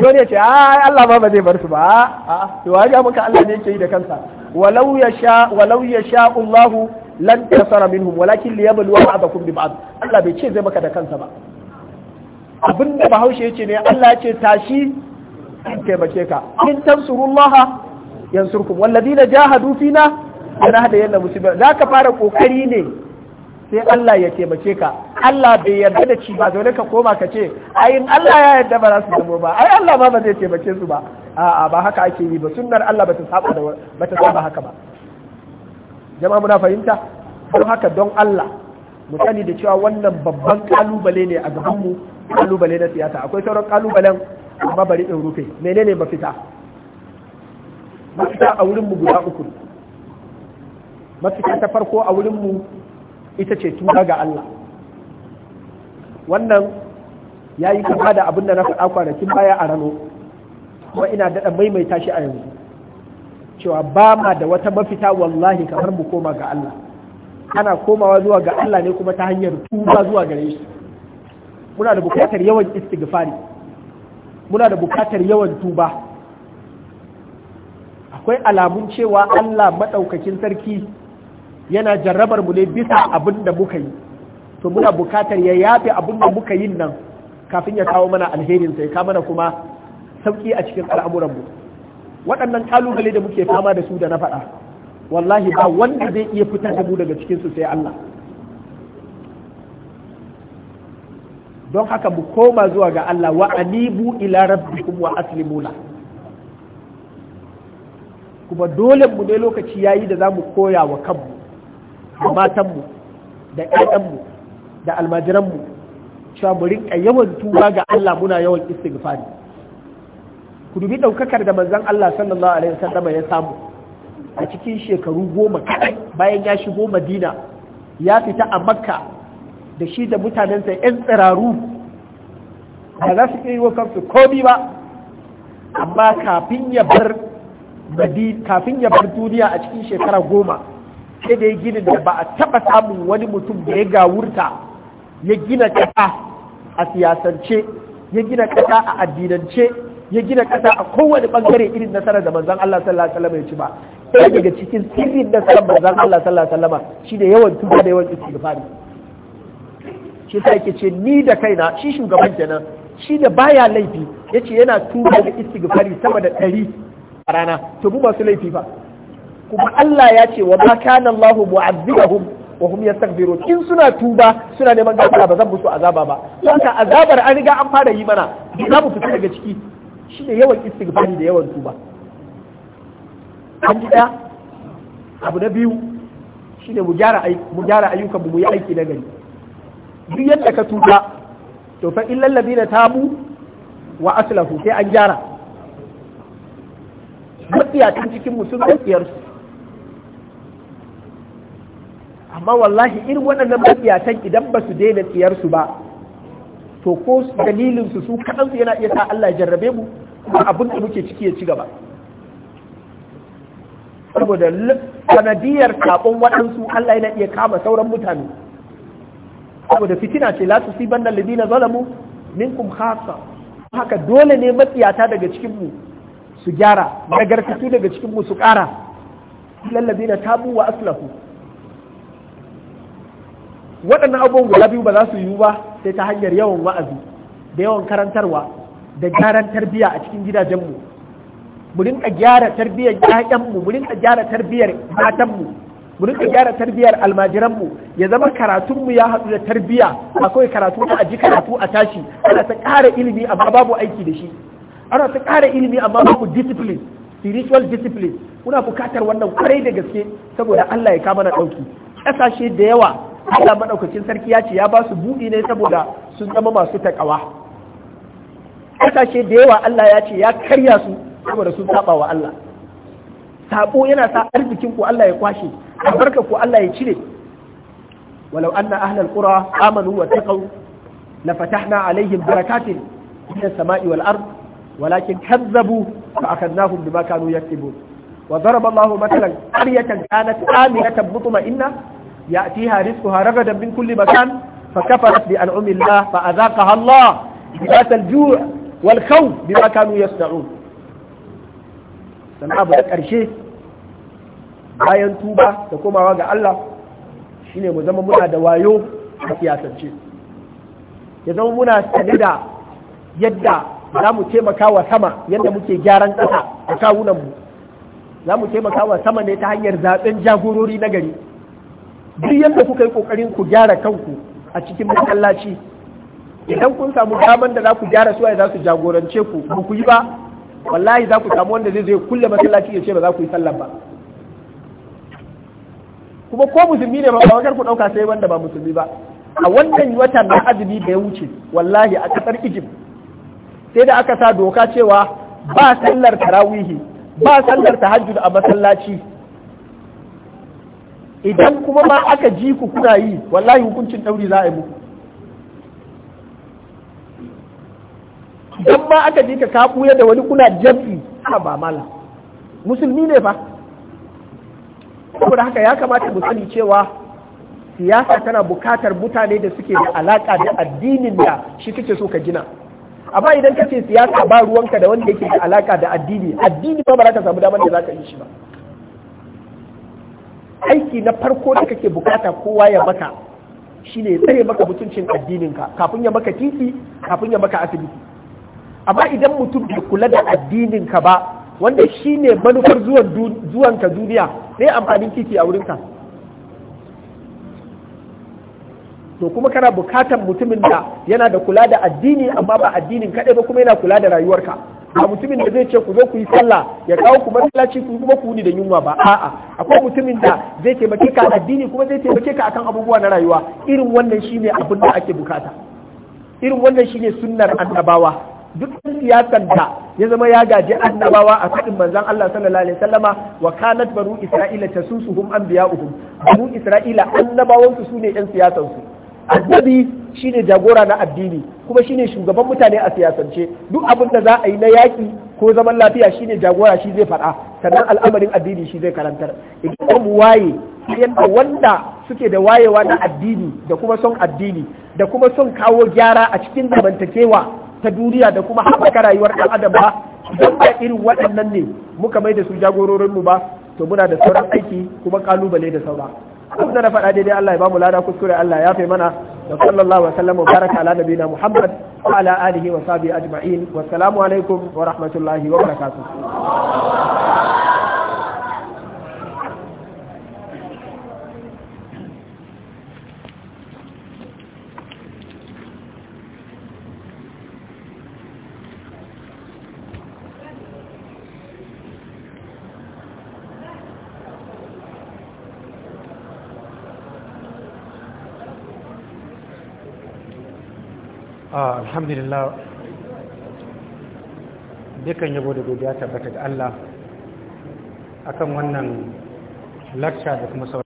wani ya ce ai Allah ma ba zai bar su ba a to ya maka Allah ne yake yi da kansa walau yasha walau yasha Allah lan tasara minhum walakin liyabluwa ba'dakum bi ba'd Allah bai ce zai maka da kansa ba abinda bahaushe yace ne Allah ya ce tashi in taimake ka in tansurullaha yansurkum walladina jahadu fina yana hada yalla musiba zaka fara kokari ne sai Allah ya taimake ka Allah bai yarda da ci ba zaune ka koma ka ce ai in Allah ya yarda ba za su zamo ba ai Allah ma ba zai taimake su ba a'a ba haka ake yi ba sunnar Allah bata saba da bata saba haka ba jama'a muna fahimta don haka don Allah mu sani da cewa wannan babban kalubale ne a gaban mu kalubale na siyasa akwai sauran kalubalen amma bari in rufe menene mafita mafita a wurin mu guda uku mafita ta farko a wurin mu ita ce tuba ga Allah wannan ya yi kama da abin da na faɗa kwanakin baya a rano kuma ina daɗa maimaita shi a yanzu cewa ba ma da wata mafita wallahi kamar mu koma ga Allah ana komawa zuwa ga Allah ne kuma ta hanyar tuba zuwa gare shi muna da bukatar yawan istighfari muna da bukatar yawan tuba akwai alamun cewa Allah maɗaukakin sarki yana jarrabar mu ne bisa abin da muka yi to muna bukatar ya yafe abin da muka yi nan kafin ya kawo mana alherin sai ka mana kuma sauki a cikin al'amuran mu waɗannan kalubale da muke fama da su da na faɗa wallahi ba wanda zai iya fitar da mu daga cikin su sai Allah don haka mu koma zuwa ga Allah wa anibu ila rabbikum wa aslimu kuma dole mu ne lokaci yayi da zamu koya wa kanmu da matanmu da ƴaƴanmu da almajiranmu cewa mu rinƙa yawan tuba ga Allah muna yawan istighfari ku dubi ɗaukakar da manzon Allah sallallahu alaihi wasallam ya samu a cikin shekaru goma bayan ya shigo Madina ya fita a Makka da shi da mutanensa ƴan tsiraru ba za su iya wa kansu komi ba amma kafin ya bar duniya a cikin shekara goma sai da ya gina da ba a taba samun wani mutum da ya gawurta ya gina kasa a siyasance ya gina kasa a addinance ya gina kasa a kowane bangare irin nasarar da manzon Allah sallallahu alaihi wasallam ya ci ba ɗaya daga cikin sirrin nasarar manzon Allah sallallahu alaihi wasallam shine yawan tuba da yawan istighfari shi sai yake ce ni da kaina shi shugaban kenan shi da baya laifi yace yana tuba da istighfari sama da ɗari a rana to mu masu laifi ba kuma Allah ya ce wa ma kana Allah mu'azzibahum wa hum yastaghfirun in suna tuba suna neman gafara ba zan musu azaba ba haka azabar an riga an fara yi mana za mu fita daga ciki shine yawan istighfari da yawan tuba an ji abu na biyu shine mu gyara mu gyara ayyukan mu yi aiki nagari, gari duk yadda ka tuba to fa illal ladina tabu wa aslahu sai an gyara matsiyatan cikin mu sun tsiyarsu amma wallahi irin waɗannan matsiyatan idan ba su daina tsiyarsu ba to ko dalilin su kaɗansu yana iya sa Allah ya jarrabe mu ba abin da muke ciki ya ci gaba saboda sanadiyar saƙon waɗansu Allah yana iya kama sauran mutane saboda fitina ce la banna ladina zalamu minkum khassa haka dole ne matsiyata daga cikin mu su gyara nagartatu daga cikin mu su ƙara na tabu wa aslahu waɗannan abubuwan guda biyu ba za su yiwu ba sai ta hanyar yawan wa'azi da yawan karantarwa da gyaran tarbiyya a cikin gidajenmu mu rinka gyara tarbiyyar ƴaƴanmu mu rinka gyara tarbiyyar matanmu mu rinka gyara tarbiyyar almajiranmu ya zama karatunmu ya haɗu da tarbiyya akwai karatu a ji karatu a tashi ana ta ƙara ilimi amma babu aiki da shi ana ta ƙara ilimi amma babu discipline spiritual discipline muna buƙatar wannan kwarai da gaske saboda Allah ya kama na ɗauki ƙasashe da yawa Allah maɗaukacin sarki ya ce ya ba su buɗi ne saboda sun zama masu takawa Ƙasashe da yawa Allah ya ce ya karya su saboda sun saba wa Allah sabo yana sa arzikin ku Allah ya kwashe albarka ku Allah ya cire walau anna ahlal qura amanu wa taqaw lafatahna alaihim barakatin min as-sama'i wal ard walakin kazzabu fa akhadnahum bima kanu yaktubun وضرب الله مثلا قرية كانت آمنة مطمئنة يأتيها رزقها رغدا من كل مكان فكفرت بأنعم الله فأذاقها الله لباس الجوع والخوف بما كانوا يصنعون sana'a da ƙarshe bayan tuba da komawa ga Allah shine mu zama muna da wayo a siyasance ya zama muna sane da yadda za mu taimaka wa sama yadda muke gyaran ƙasa a kawunanmu za mu taimaka wa sama ne ta hanyar zaɓen jagorori na gari duk yadda kuka yi kokarin ku gyara kanku a cikin masallaci idan kun samu daman da za ku gyara su za su jagorance ku ba ku yi ba wallahi za ku samu wanda zai zai kulle masallaci ya ce ba za ku yi sallah ba kuma ko musulmi ne ba ba ku dauka sai wanda ba musulmi ba a wannan watan na azumi da ya wuce wallahi a kasar Egypt sai da aka sa doka cewa ba sallar tarawihi ba sallar tahajjud a masallaci idan kuma ma aka ji ku kuna yi wallahi hukuncin ɗauri za a yi muku idan ma aka ji ka kaɓuya da wani kuna jam'i ba mala musulmi ne fa saboda haka ya kamata mu sani cewa siyasa tana bukatar mutane da suke da alaka da addinin da shi kake so ka gina amma idan ka ce siyasa ba ruwanka da wanda yake da alaka da addini addini ba ba za ka samu damar da za ka yi shi ba aiki na farko da kake bukata kowa ya maka shine ya tsare maka mutuncin addininka kafin ya maka titi kafin ya maka asibiti amma idan mutum bai kula da addininka ba wanda shine manufar zuwanka duniya sai amfanin titi a wurinka to kuma kana bukatan mutumin da yana da kula da addini amma ba addinin kaɗai ba kuma yana kula da rayuwarka ba mutumin da zai ce ku zo ku yi sallah ya kawo ku masallaci ku kuma ku ni da yunwa ba a'a akwai mutumin da zai taimake ka addini kuma zai taimake ka akan abubuwa na rayuwa irin wannan shine abin da ake bukata irin wannan shine sunnar annabawa duk siyasan da ya zama ya gaji annabawa a cikin manzon Allah sallallahu alaihi wasallama wa kanat banu isra'ila tasusuhum anbiya'uhum banu isra'ila annabawansu sune yan siyasansu annabi shine jagora na addini kuma shine shugaban mutane a siyasance duk abin da za a yi na yaki ko zaman lafiya shine jagora shi zai faɗa sannan al'amarin addini shi zai karantar idan mu waye yadda wanda suke da wayewa na addini da kuma son addini da kuma son kawo gyara a cikin zamantakewa ta duniya da kuma haɓaka rayuwar ɗan adam ba don ba irin waɗannan ne muka mai da su jagororinmu ba to muna da sauran aiki kuma ƙalubale da saura abda na faɗa daidai Allah ya ba mu lada kuskure Allah ya fi mana da sallallahu wa sallam wa baraka ala nabina Muhammad wa ala alihi wa sahbihi ajma'in wa assalamu alaikum wa rahmatullahi wa barakatuh alhamdulillah dukkan yabo da godiya tabbata da Allah akan wannan lecture da kuma